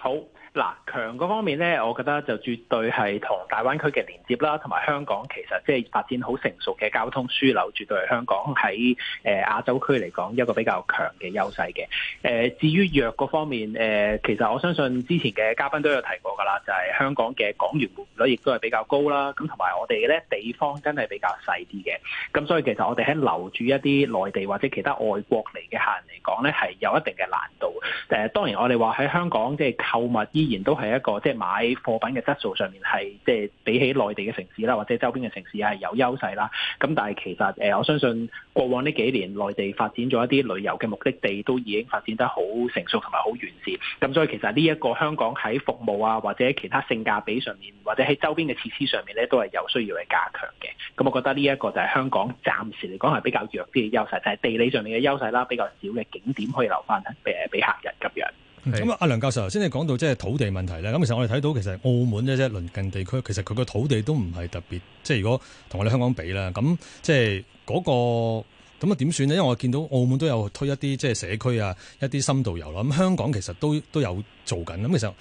好。嗱，強嗰方面咧，我覺得就絕對係同大灣區嘅連接啦，同埋香港其實即係發展好成熟嘅交通樞紐，絕對係香港喺誒亞洲區嚟講一個比較強嘅優勢嘅。誒，至於弱嗰方面、呃，其實我相信之前嘅嘉賓都有提過㗎啦，就係、是、香港嘅港元匯率亦都係比較高啦。咁同埋我哋咧地方真係比較細啲嘅，咁所以其實我哋喺留住一啲內地或者其他外國嚟嘅客人嚟講咧，係有一定嘅難度。誒、呃，當然我哋話喺香港即係購物依然都係一個即係買貨品嘅質素上面係即係比起內地嘅城市啦，或者周邊嘅城市係有優勢啦。咁但係其實誒、呃、我相信過往呢幾年內地發展咗一啲旅遊嘅目的地，都已經發展得好成熟同埋好完善。咁所以其實呢一個香港喺服務啊，或者其他性價比上面，或者喺周邊嘅設施上面咧，都係有需要去加強嘅。咁我覺得呢一個就係香港暫時嚟講係比較弱啲嘅優勢，就係、是、地理上面嘅優勢啦，比較少嘅景點可以留翻誒俾俾客人咁樣。咁啊，阿梁教授頭先你講到即係土地問題啦。咁其實我哋睇到其實澳門呢，即係鄰近地區，其實佢個土地都唔係特別，即係如果同我哋香港比啦，咁即係嗰、嗰個咁啊點算呢？因為我見到澳門都有推一啲即係社區啊，一啲深度遊啦，咁香港其實都都有做緊。咁其實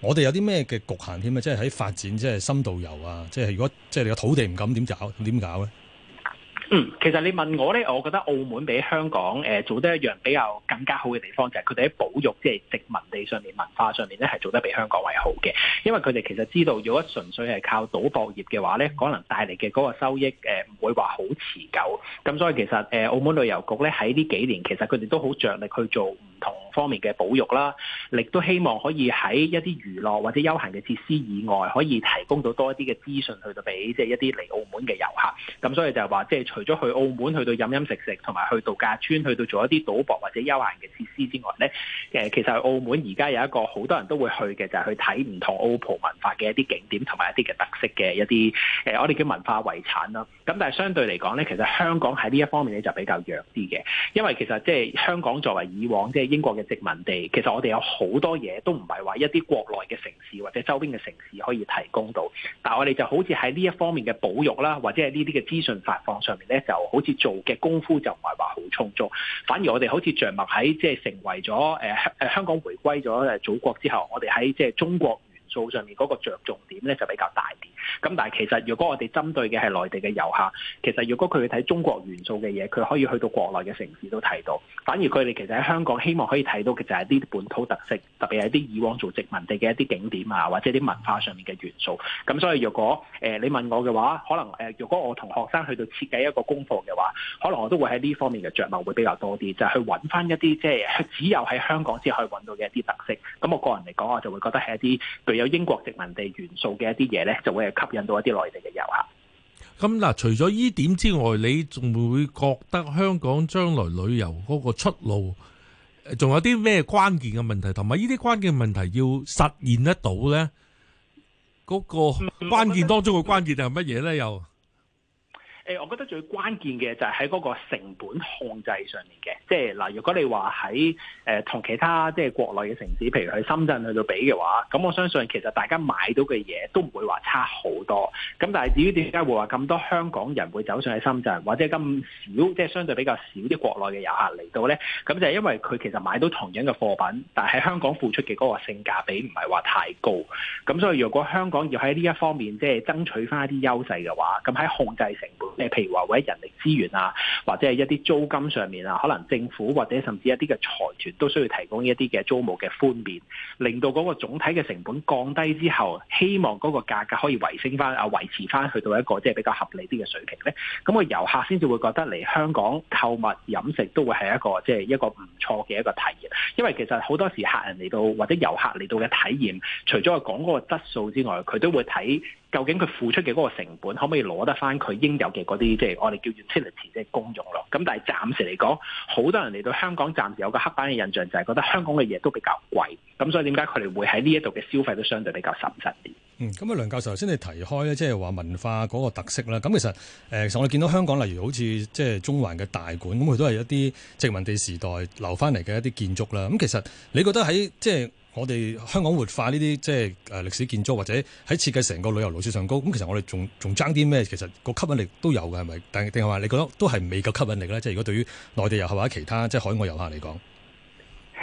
我哋有啲咩嘅局限添？即係喺發展即係深度遊啊，即係如果即係你個土地唔敢點搞點搞咧？嗯，其實你問我咧，我覺得澳門比香港、呃、做得一樣比較更加好嘅地方就是他們在，就係佢哋喺保育即係殖民地上面、文化上面咧，係做得比香港為好嘅。因為佢哋其實知道，如果純粹係靠賭博業嘅話咧，可能帶嚟嘅嗰個收益誒唔、呃、會話好持久。咁所以其實、呃、澳門旅遊局咧喺呢在這幾年，其實佢哋都好着力去做。同方面嘅保育啦，亦都希望可以喺一啲娛樂或者休閒嘅設施以外，可以提供到多一啲嘅資訊去到俾即係一啲嚟澳門嘅遊客。咁所以就係話，即係除咗去澳門去到飲飲食食，同埋去度假村去到做一啲賭博或者休閒嘅設施之外咧，誒其實澳門而家有一個好多人都會去嘅，就係、是、去睇唔同澳葡文化嘅一啲景點同埋一啲嘅特色嘅一啲誒我哋叫文化遺產啦。咁但係相對嚟講咧，其實香港喺呢一方面咧就比較弱啲嘅，因為其實即係香港作為以往即英國嘅殖民地，其實我哋有好多嘢都唔係話一啲國內嘅城市或者周邊嘅城市可以提供到，但係我哋就好似喺呢一方面嘅保育啦，或者係呢啲嘅資訊發放上面咧，就好似做嘅功夫就唔係話好充足，反而我哋好似着墨喺即係成為咗誒誒香港回歸咗誒祖國之後，我哋喺即係中國數上面嗰個着重點咧就比較大啲，咁但係其實如果我哋針對嘅係內地嘅遊客，其實如果佢去睇中國元素嘅嘢，佢可以去到國內嘅城市都睇到。反而佢哋其實喺香港希望可以睇到嘅就係啲本土特色，特別係一啲以往做殖民地嘅一啲景點啊，或者啲文化上面嘅元素。咁所以如果誒，你問我嘅話，可能誒如果我同學生去到設計一個功課嘅話，可能我都會喺呢方面嘅着墨會比較多啲，就係去揾翻一啲即係只有喺香港先可以揾到嘅一啲特色。咁我個人嚟講，我就會覺得係一啲對有英國殖民地元素嘅一啲嘢呢，就會吸引到一啲內地嘅遊客。咁嗱，除咗呢點之外，你仲會覺得香港將來旅遊嗰個出路，仲有啲咩關鍵嘅問題，同埋呢啲關鍵嘅問題要實現得到呢？嗰、嗰個關鍵當中嘅關鍵係乜嘢呢？又？我覺得最關鍵嘅就係喺嗰個成本控制上面嘅，即係嗱，如果你話喺誒同其他即係國內嘅城市，譬如去深圳去到比嘅話，咁我相信其實大家買到嘅嘢都唔會話差好多。咁但係至於點解會話咁多香港人會走上去深圳，或者咁少即係相對比較少啲國內嘅遊客嚟到咧？咁就係因為佢其實買到同樣嘅貨品，但係香港付出嘅嗰個性價比唔係話太高。咁所以如果香港要喺呢一方面即係爭取返一啲優勢嘅話，咁喺控制成本。誒，譬如話，或者人力資源啊，或者係一啲租金上面啊，可能政府或者甚至一啲嘅財團都需要提供一啲嘅租務嘅寬免，令到嗰個總體嘅成本降低之後，希望嗰個價格可以維升翻啊，維持翻去到一個即係比較合理啲嘅水平咧。咁、那個遊客先至會覺得嚟香港購物飲食都會係一個即係、就是、一個唔錯嘅一個體驗，因為其實好多時客人嚟到或者遊客嚟到嘅體驗，除咗係講嗰個質素之外，佢都會睇。究竟佢付出嘅嗰個成本，可唔可以攞得翻佢應有嘅嗰啲，即係我哋叫做 utility 即係公用咯？咁但係暫時嚟講，好多人嚟到香港，暫時有個黑板嘅印象，就係覺得香港嘅嘢都比較貴，咁所以點解佢哋會喺呢一度嘅消費都相對比較謹慎啲？嗯，咁啊，梁教授頭先你提開咧，即係話文化嗰個特色啦。咁其實，其實我哋見到香港例如好似即係中環嘅大館，咁佢都係一啲殖民地時代留翻嚟嘅一啲建築啦。咁其實你覺得喺即係我哋香港活化呢啲即係誒歷史建築，或者喺設計成個旅遊路線上高，咁其實我哋仲仲爭啲咩？其實個吸引力都有嘅，係咪？但定係話你覺得都係未夠吸引力咧？即係如果對於內地遊客或者其他即係海外遊客嚟講？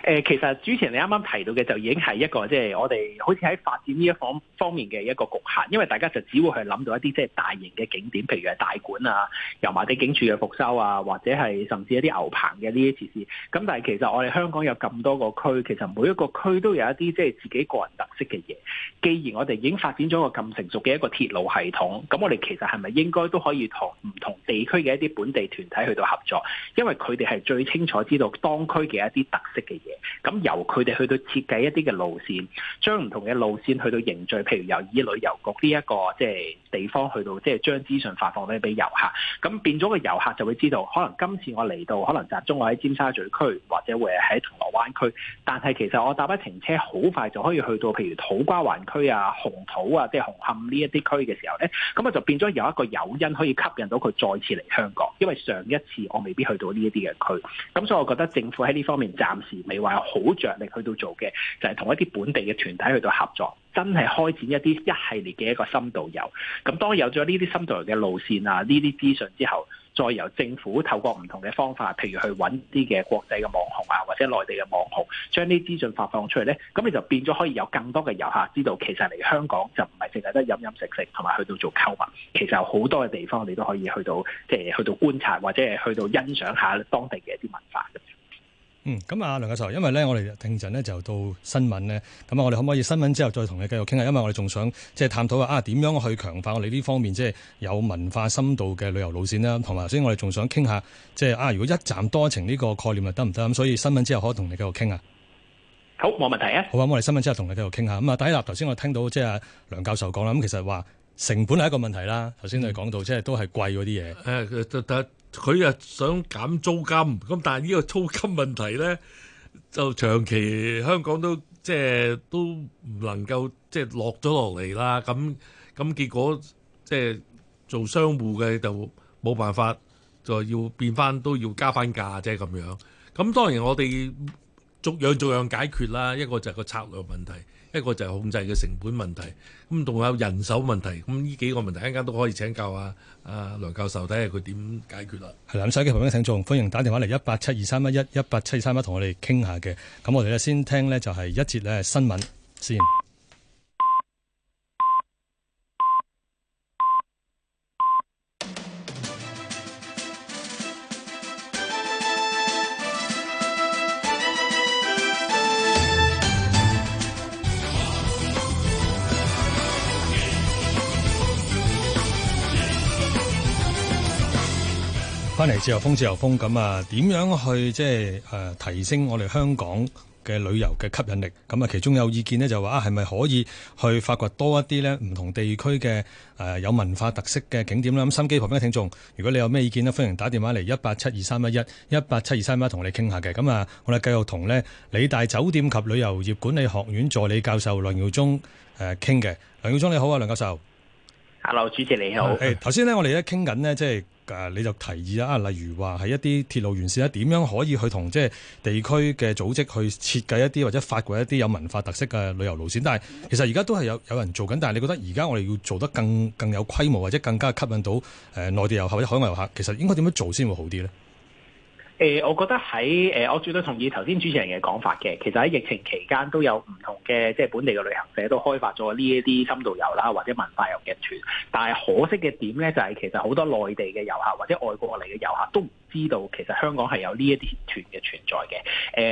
誒，其實主持人你啱啱提到嘅就已經係一個即係我哋好似喺發展呢一方方面嘅一個局限，因為大家就只會去諗到一啲即係大型嘅景點，譬如係大館啊、油麻地警署嘅復修啊，或者係甚至一啲牛棚嘅呢啲設施。咁但係其實我哋香港有咁多個區，其實每一個區都有一啲即係自己個人特色嘅嘢。既然我哋已經發展咗個咁成熟嘅一個鐵路系統，咁我哋其實係咪應該都可以同唔同地區嘅一啲本地團體去到合作？因為佢哋係最清楚知道當區嘅一啲特色嘅嘢。咁由佢哋去到設計一啲嘅路線，將唔同嘅路線去到凝聚，譬如由以旅遊局呢一個即係地方去到即係將資訊發放咧俾遊客，咁變咗個遊客就會知道，可能今次我嚟到可能集中我喺尖沙咀區或者會喺銅鑼灣區，但係其實我搭一程車好快就可以去到，譬如土瓜灣區啊、紅土啊、即係紅磡呢一啲區嘅時候咧，咁啊就變咗有一個誘因可以吸引到佢再次嚟香港，因為上一次我未必去到呢一啲嘅區，咁所以我覺得政府喺呢方面暫時未好着力去到做嘅，就係同一啲本地嘅團體去到合作，真係開展一啲一系列嘅一個深度遊。咁當有咗呢啲深度遊嘅路線啊，呢啲資訊之後，再由政府透過唔同嘅方法，譬如去揾啲嘅國際嘅網紅啊，或者內地嘅網紅，將啲資訊發放出嚟呢，咁你就變咗可以有更多嘅遊客知道，其實嚟香港就唔係淨係得飲飲食食，同埋去到做購物，其實有好多嘅地方你都可以去到，即係去到觀察或者係去到欣賞下當地嘅一啲文化。嗯，咁啊，梁教授，因為咧，我哋聽陣呢就到新聞呢。咁啊，我哋可唔可以新聞之後再同你繼續傾下，因為我哋仲想即係探討下啊，點樣去強化我哋呢方面即係有文化深度嘅旅遊路線啦。同埋頭先，我哋仲想傾下，即係啊，如果一站多程呢個概念又得唔得？咁所以新聞之後可以同你繼續傾啊。好，冇問題啊。好啊，我哋新聞之後同你繼續傾下。咁啊，第一集頭先我聽到即係梁教授講啦，咁其實話成本係一個問題啦。嗯，頭先你講到即係都係貴嗰啲嘢。得、uh。佢又想減租金，咁但係呢個租金問題呢，就長期香港都即係都唔能夠即係落咗落嚟啦。咁咁結果即係做商戶嘅就冇辦法，就要變翻都要加翻價啫咁樣。咁當然我哋逐樣逐樣解決啦，一個就係個策略問題。一個就係控制嘅成本問題，咁仲有人手問題，咁呢幾個問題，一陣間都可以請教啊啊梁教授睇下佢點解決啦、啊。係啦，咁曬嘅朋友請眾歡迎打電話嚟1 8 7 2 3 1 1 1 8 7 2 3 1同我哋傾下嘅。咁我哋咧先聽呢就係一節呢新聞先。翻嚟自由風，自由風咁啊！點樣去即係誒提升我哋香港嘅旅遊嘅吸引力？咁啊，其中有意見呢，就話啊，係咪可以去發掘多一啲呢唔同地區嘅誒有文化特色嘅景點啦，咁、啊、心機旁邊嘅聽眾，如果你有咩意見呢，歡迎打電話嚟一八七二三一一，一八七二三一同我哋傾下嘅。咁啊，我哋繼續同呢理大酒店及旅遊業管理學院助理教授梁堯忠誒傾嘅。梁堯忠、呃、你好啊，梁教授。Hello，主持、哎、你好。誒，頭先呢，我哋咧傾緊呢，即係。誒，你就提議啊，例如話係一啲鐵路沿線，點樣可以去同即係地區嘅組織去設計一啲或者發掘一啲有文化特色嘅旅遊路線。但係其實而家都係有有人做緊，但係你覺得而家我哋要做得更更有規模，或者更加吸引到誒、呃、內地遊客或者海外遊客，其實應該點樣做先會好啲咧？誒、呃，我覺得喺誒、呃，我絕對同意頭先主持人嘅講法嘅。其實喺疫情期間都有唔同嘅，即係本地嘅旅行社都開發咗呢一啲深度遊啦，或者文化遊嘅團。但係可惜嘅點呢，就係、是、其實好多內地嘅遊客或者外國嚟嘅遊客都唔知道，其實香港係有呢一啲團嘅存在嘅。誒、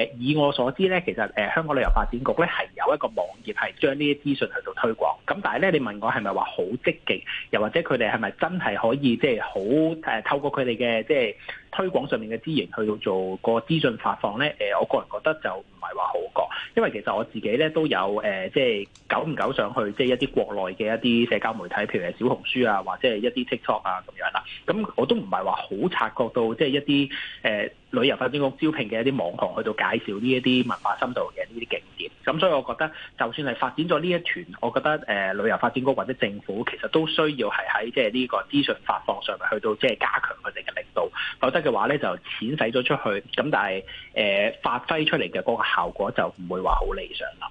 呃，以我所知呢，其實、呃、香港旅遊發展局呢係有一個網頁係將呢啲資訊去到推廣。咁但係呢，你問我係咪話好積極，又或者佢哋係咪真係可以即係好透過佢哋嘅即係。推廣上面嘅資源去到做個資訊發放咧，誒，我個人覺得就唔係話好過，因為其實我自己咧都有誒，即、呃、係久唔久上去即係一啲國內嘅一啲社交媒體，譬如係小紅書啊，或者係一啲 TikTok 啊咁樣啦。咁我都唔係話好察覺到即係一啲誒旅遊發展局招聘嘅一啲網紅去到介紹呢一啲文化深度嘅呢啲景點。咁所以我覺得，就算係發展咗呢一團，我覺得誒旅遊發展局或者政府其實都需要係喺即係呢個資訊發放上面去到即係加強佢哋嘅力度。否則。嘅話咧，就錢使咗出去，咁但係誒、呃、發揮出嚟嘅嗰個效果就唔會話好理想啦。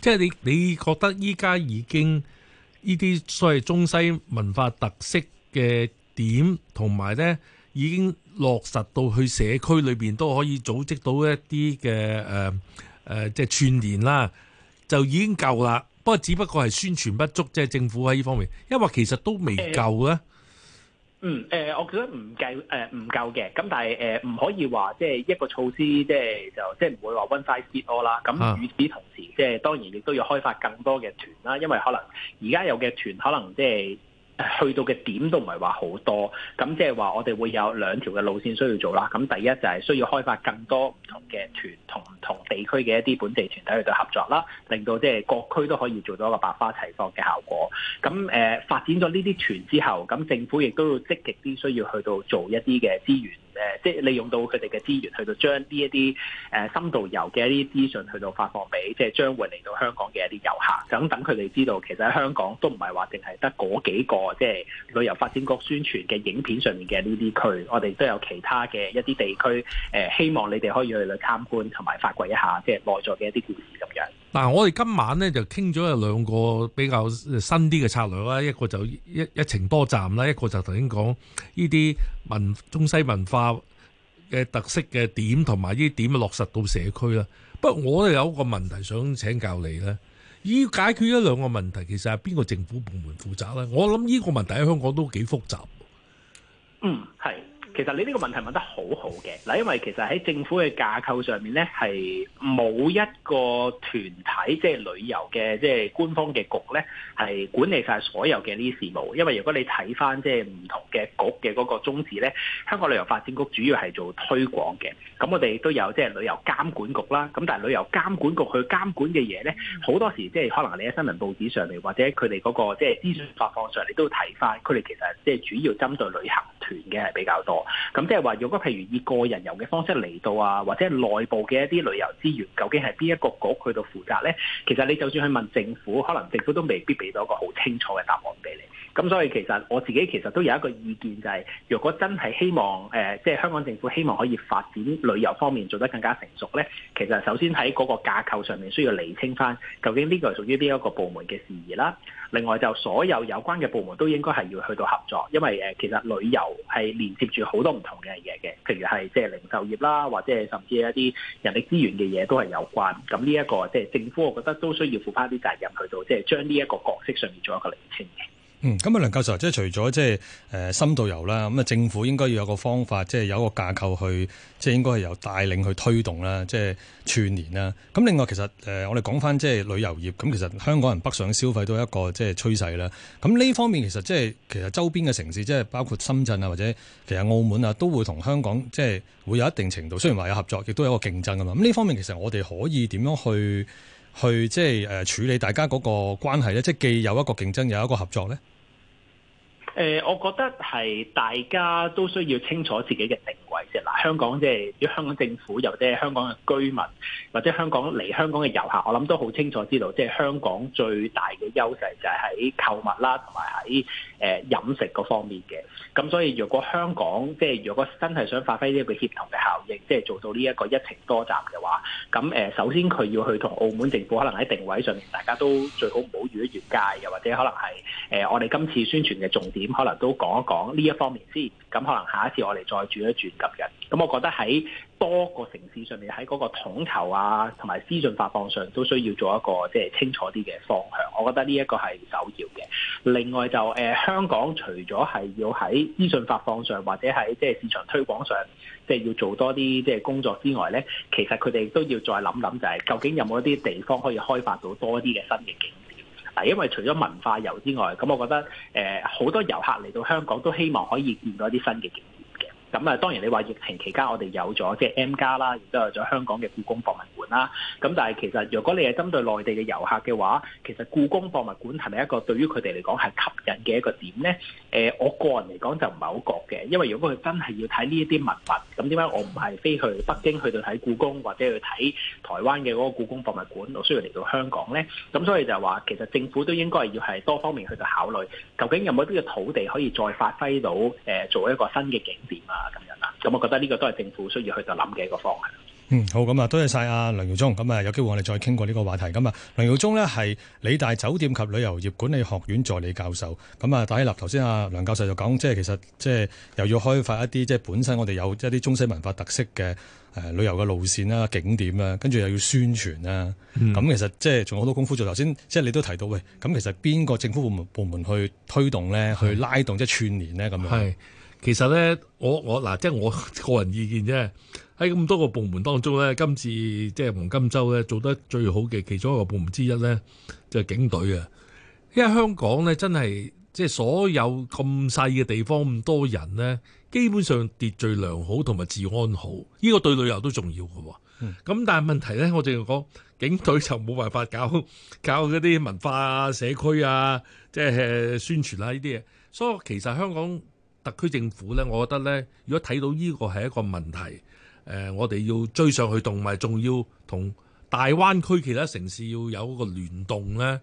即係你你覺得依家已經呢啲所謂中西文化特色嘅點，同埋咧已經落實到去社區裏邊都可以組織到一啲嘅誒誒，即、呃、係、呃就是、串連啦，就已經夠啦。不過只不過係宣傳不足，即、就、係、是、政府喺呢方面，因為其實都未夠咧。欸嗯，誒、呃，我覺得唔計唔、呃、夠嘅，咁但係誒唔可以話即係一個措施即係就即係唔會話 one size fit all 啦。咁與此同時，即係當然亦都要開發更多嘅團啦，因為可能而家有嘅團可能即係。去到嘅點都唔係話好多，咁即係話我哋會有兩條嘅路線需要做啦。咁第一就係需要開發更多唔同嘅團同唔同地區嘅一啲本地團體去到合作啦，令到即係各區都可以做到一個百花齊放嘅效果。咁誒、呃、發展咗呢啲團之後，咁政府亦都要積極啲需要去到做一啲嘅資源。誒，即係利用到佢哋嘅資源，去到將呢一啲誒深度遊嘅一啲資訊，去到發放俾即係將會嚟到香港嘅一啲遊客，咁等佢哋知道，其實喺香港都唔係話淨係得嗰幾個，即係旅遊發展局宣傳嘅影片上面嘅呢啲區，我哋都有其他嘅一啲地區誒，希望你哋可以去參觀同埋發掘一下即係內在嘅一啲故事咁樣。嗱，我哋今晚咧就傾咗有兩個比較新啲嘅策略啦，一個就一一程多站啦，一個就頭先講呢啲文中西文化。嘅特色嘅點同埋呢啲點落實到社區啦，不過我哋有個問題想請教你呢，要解決一兩個問題，其實係邊個政府部門負責呢？我諗呢個問題喺香港都幾複雜的。嗯，係。其實你呢個問題問得好好嘅，嗱，因為其實喺政府嘅架構上面咧，係冇一個團體即係旅遊嘅即係官方嘅局咧，係管理晒所有嘅呢啲事務。因為如果你睇翻即係唔同嘅局嘅嗰個宗旨咧，香港旅遊發展局主要係做推廣嘅。咁我哋都有即係旅遊監管局啦。咁但係旅遊監管局去監管嘅嘢咧，好多時即係可能你喺新聞報紙上面或者佢哋嗰個即係資訊發放上，你都睇翻佢哋其實即係主要針對旅行團嘅係比較多。咁即係話，如果譬如以個人遊嘅方式嚟到啊，或者內部嘅一啲旅遊資源，究竟係邊一個局去到負責呢？其實你就算去問政府，可能政府都未必俾到一個好清楚嘅答案俾你。咁所以其實我自己其實都有一個意見，就係如果真係希望即係、呃即係、香港政府希望可以發展旅遊方面做得更加成熟咧，其實首先喺嗰個架構上面需要釐清翻，究竟呢個係屬於邊一個部門嘅事宜啦。另外就所有有關嘅部門都應該係要去到合作，因為其實旅遊係連接住好多唔同嘅嘢嘅，譬如係即係零售業啦，或者甚至一啲人力資源嘅嘢都係有關。咁呢一個即係政府，我覺得都需要負翻啲責任去到，即係將呢一個角色上面做一個釐清嘅。嗯，咁啊梁教授，即係除咗即係誒深度遊啦，咁啊政府應該要有個方法，即係有一個架構去，即係應該係由帶領去推動啦，即係串聯啦。咁另外其實誒、呃，我哋講翻即係旅遊業，咁其實香港人北上消費都係一個即係趨勢啦。咁呢方面其實即係其實周邊嘅城市，即係包括深圳啊或者其實澳門啊，都會同香港即係會有一定程度。雖然話有合作，亦都有一個競爭噶嘛。咁呢方面其實我哋可以點樣去去即係誒處理大家嗰個關係咧？即係既有一個競爭，有一個合作咧？我覺得大家都需要清楚自己嘅定位嗱。香港即係香港政府，又或者係香港嘅居民，或者香港嚟香港嘅遊客，我諗都好清楚知道，即係香港最大嘅優勢就係喺購物啦，同埋喺飲食嗰方面嘅。咁所以若果香港即係如果真係想發揮呢一個協同嘅效應，即係做到呢一個一程多站嘅話，咁首先佢要去同澳門政府可能喺定位上面，大家都最好唔好越嚟越界，又或者可能係我哋今次宣傳嘅重點。點可能都講一講呢一方面先，咁可能下一次我哋再轉一轉今日。咁我覺得喺多個城市上面，喺嗰個統籌啊，同埋資訊發放上，都需要做一個即係清楚啲嘅方向。我覺得呢一個係首要嘅。另外就、呃、香港，除咗係要喺資訊發放上，或者喺即係市場推廣上，即係要做多啲即係工作之外咧，其實佢哋都要再諗諗、就係，就係究竟有冇一啲地方可以開發到多啲嘅新嘅景點。因為除咗文化遊之外，咁我覺得誒、呃、好多遊客嚟到香港都希望可以見到一啲新嘅景。咁啊，當然你話疫情期間我哋有咗即係 M+ 啦，亦都有咗香港嘅故宮博物館啦。咁但係其實，如果你係針對內地嘅遊客嘅話，其實故宮博物館係咪一個對於佢哋嚟講係吸引嘅一個點呢？誒、呃，我個人嚟講就唔係好覺嘅，因為如果佢真係要睇呢一啲文物，咁點解我唔係飛去北京去到睇故宮，或者去睇台灣嘅嗰個故宮博物館，我需要嚟到香港呢？咁所以就話其實政府都應該要係多方面去到考慮，究竟有冇啲嘅土地可以再發揮到誒、呃、做一個新嘅景點啊？咁啦，咁我覺得呢個都係政府需要去就諗嘅一個方案。嗯，好，咁啊，多謝晒阿梁堯忠。咁、嗯、啊，有機會我哋再傾過呢個話題。咁、嗯、啊，梁堯忠呢係理大酒店及旅遊業管理學院助理教授。咁、嗯、啊，戴起立頭先阿梁教授就講，即係其實即係又要開發一啲即係本身我哋有一啲中西文化特色嘅、呃、旅遊嘅路線啦、景點啊，跟住又要宣傳啊。咁、嗯嗯嗯、其實即係仲有好多功夫做。頭先即係你都提到喂，咁其實邊個政府部門部門去推動咧，去拉動、嗯、即係串連咧咁樣。其實咧，我我嗱，即係我個人意見啫。喺咁多個部門當中咧，今次即係黃金週咧做得最好嘅其中一個部門之一咧，就係警隊啊。因為香港咧真係即係所有咁細嘅地方咁多人咧，基本上秩序良好同埋治安好，呢個對旅遊都重要㗎喎。咁但係問題咧，我哋講警隊就冇辦法搞搞嗰啲文化、啊、社區啊，即係宣傳啊呢啲嘢。所以其實香港特區政府呢，我覺得呢，如果睇到呢個係一個問題，我哋要追上去，同埋仲要同大灣區其他城市要有一個聯動呢，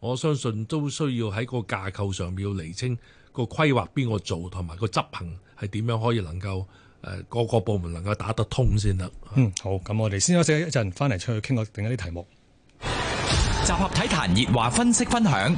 我相信都需要喺個架構上面要釐清個規劃邊個做，同埋個執行係點樣可以能夠誒，各個部門能夠打得通先啦。嗯，好，咁我哋先休息一陣，翻嚟出去傾我另一啲題目，集合睇談熱話分析分享。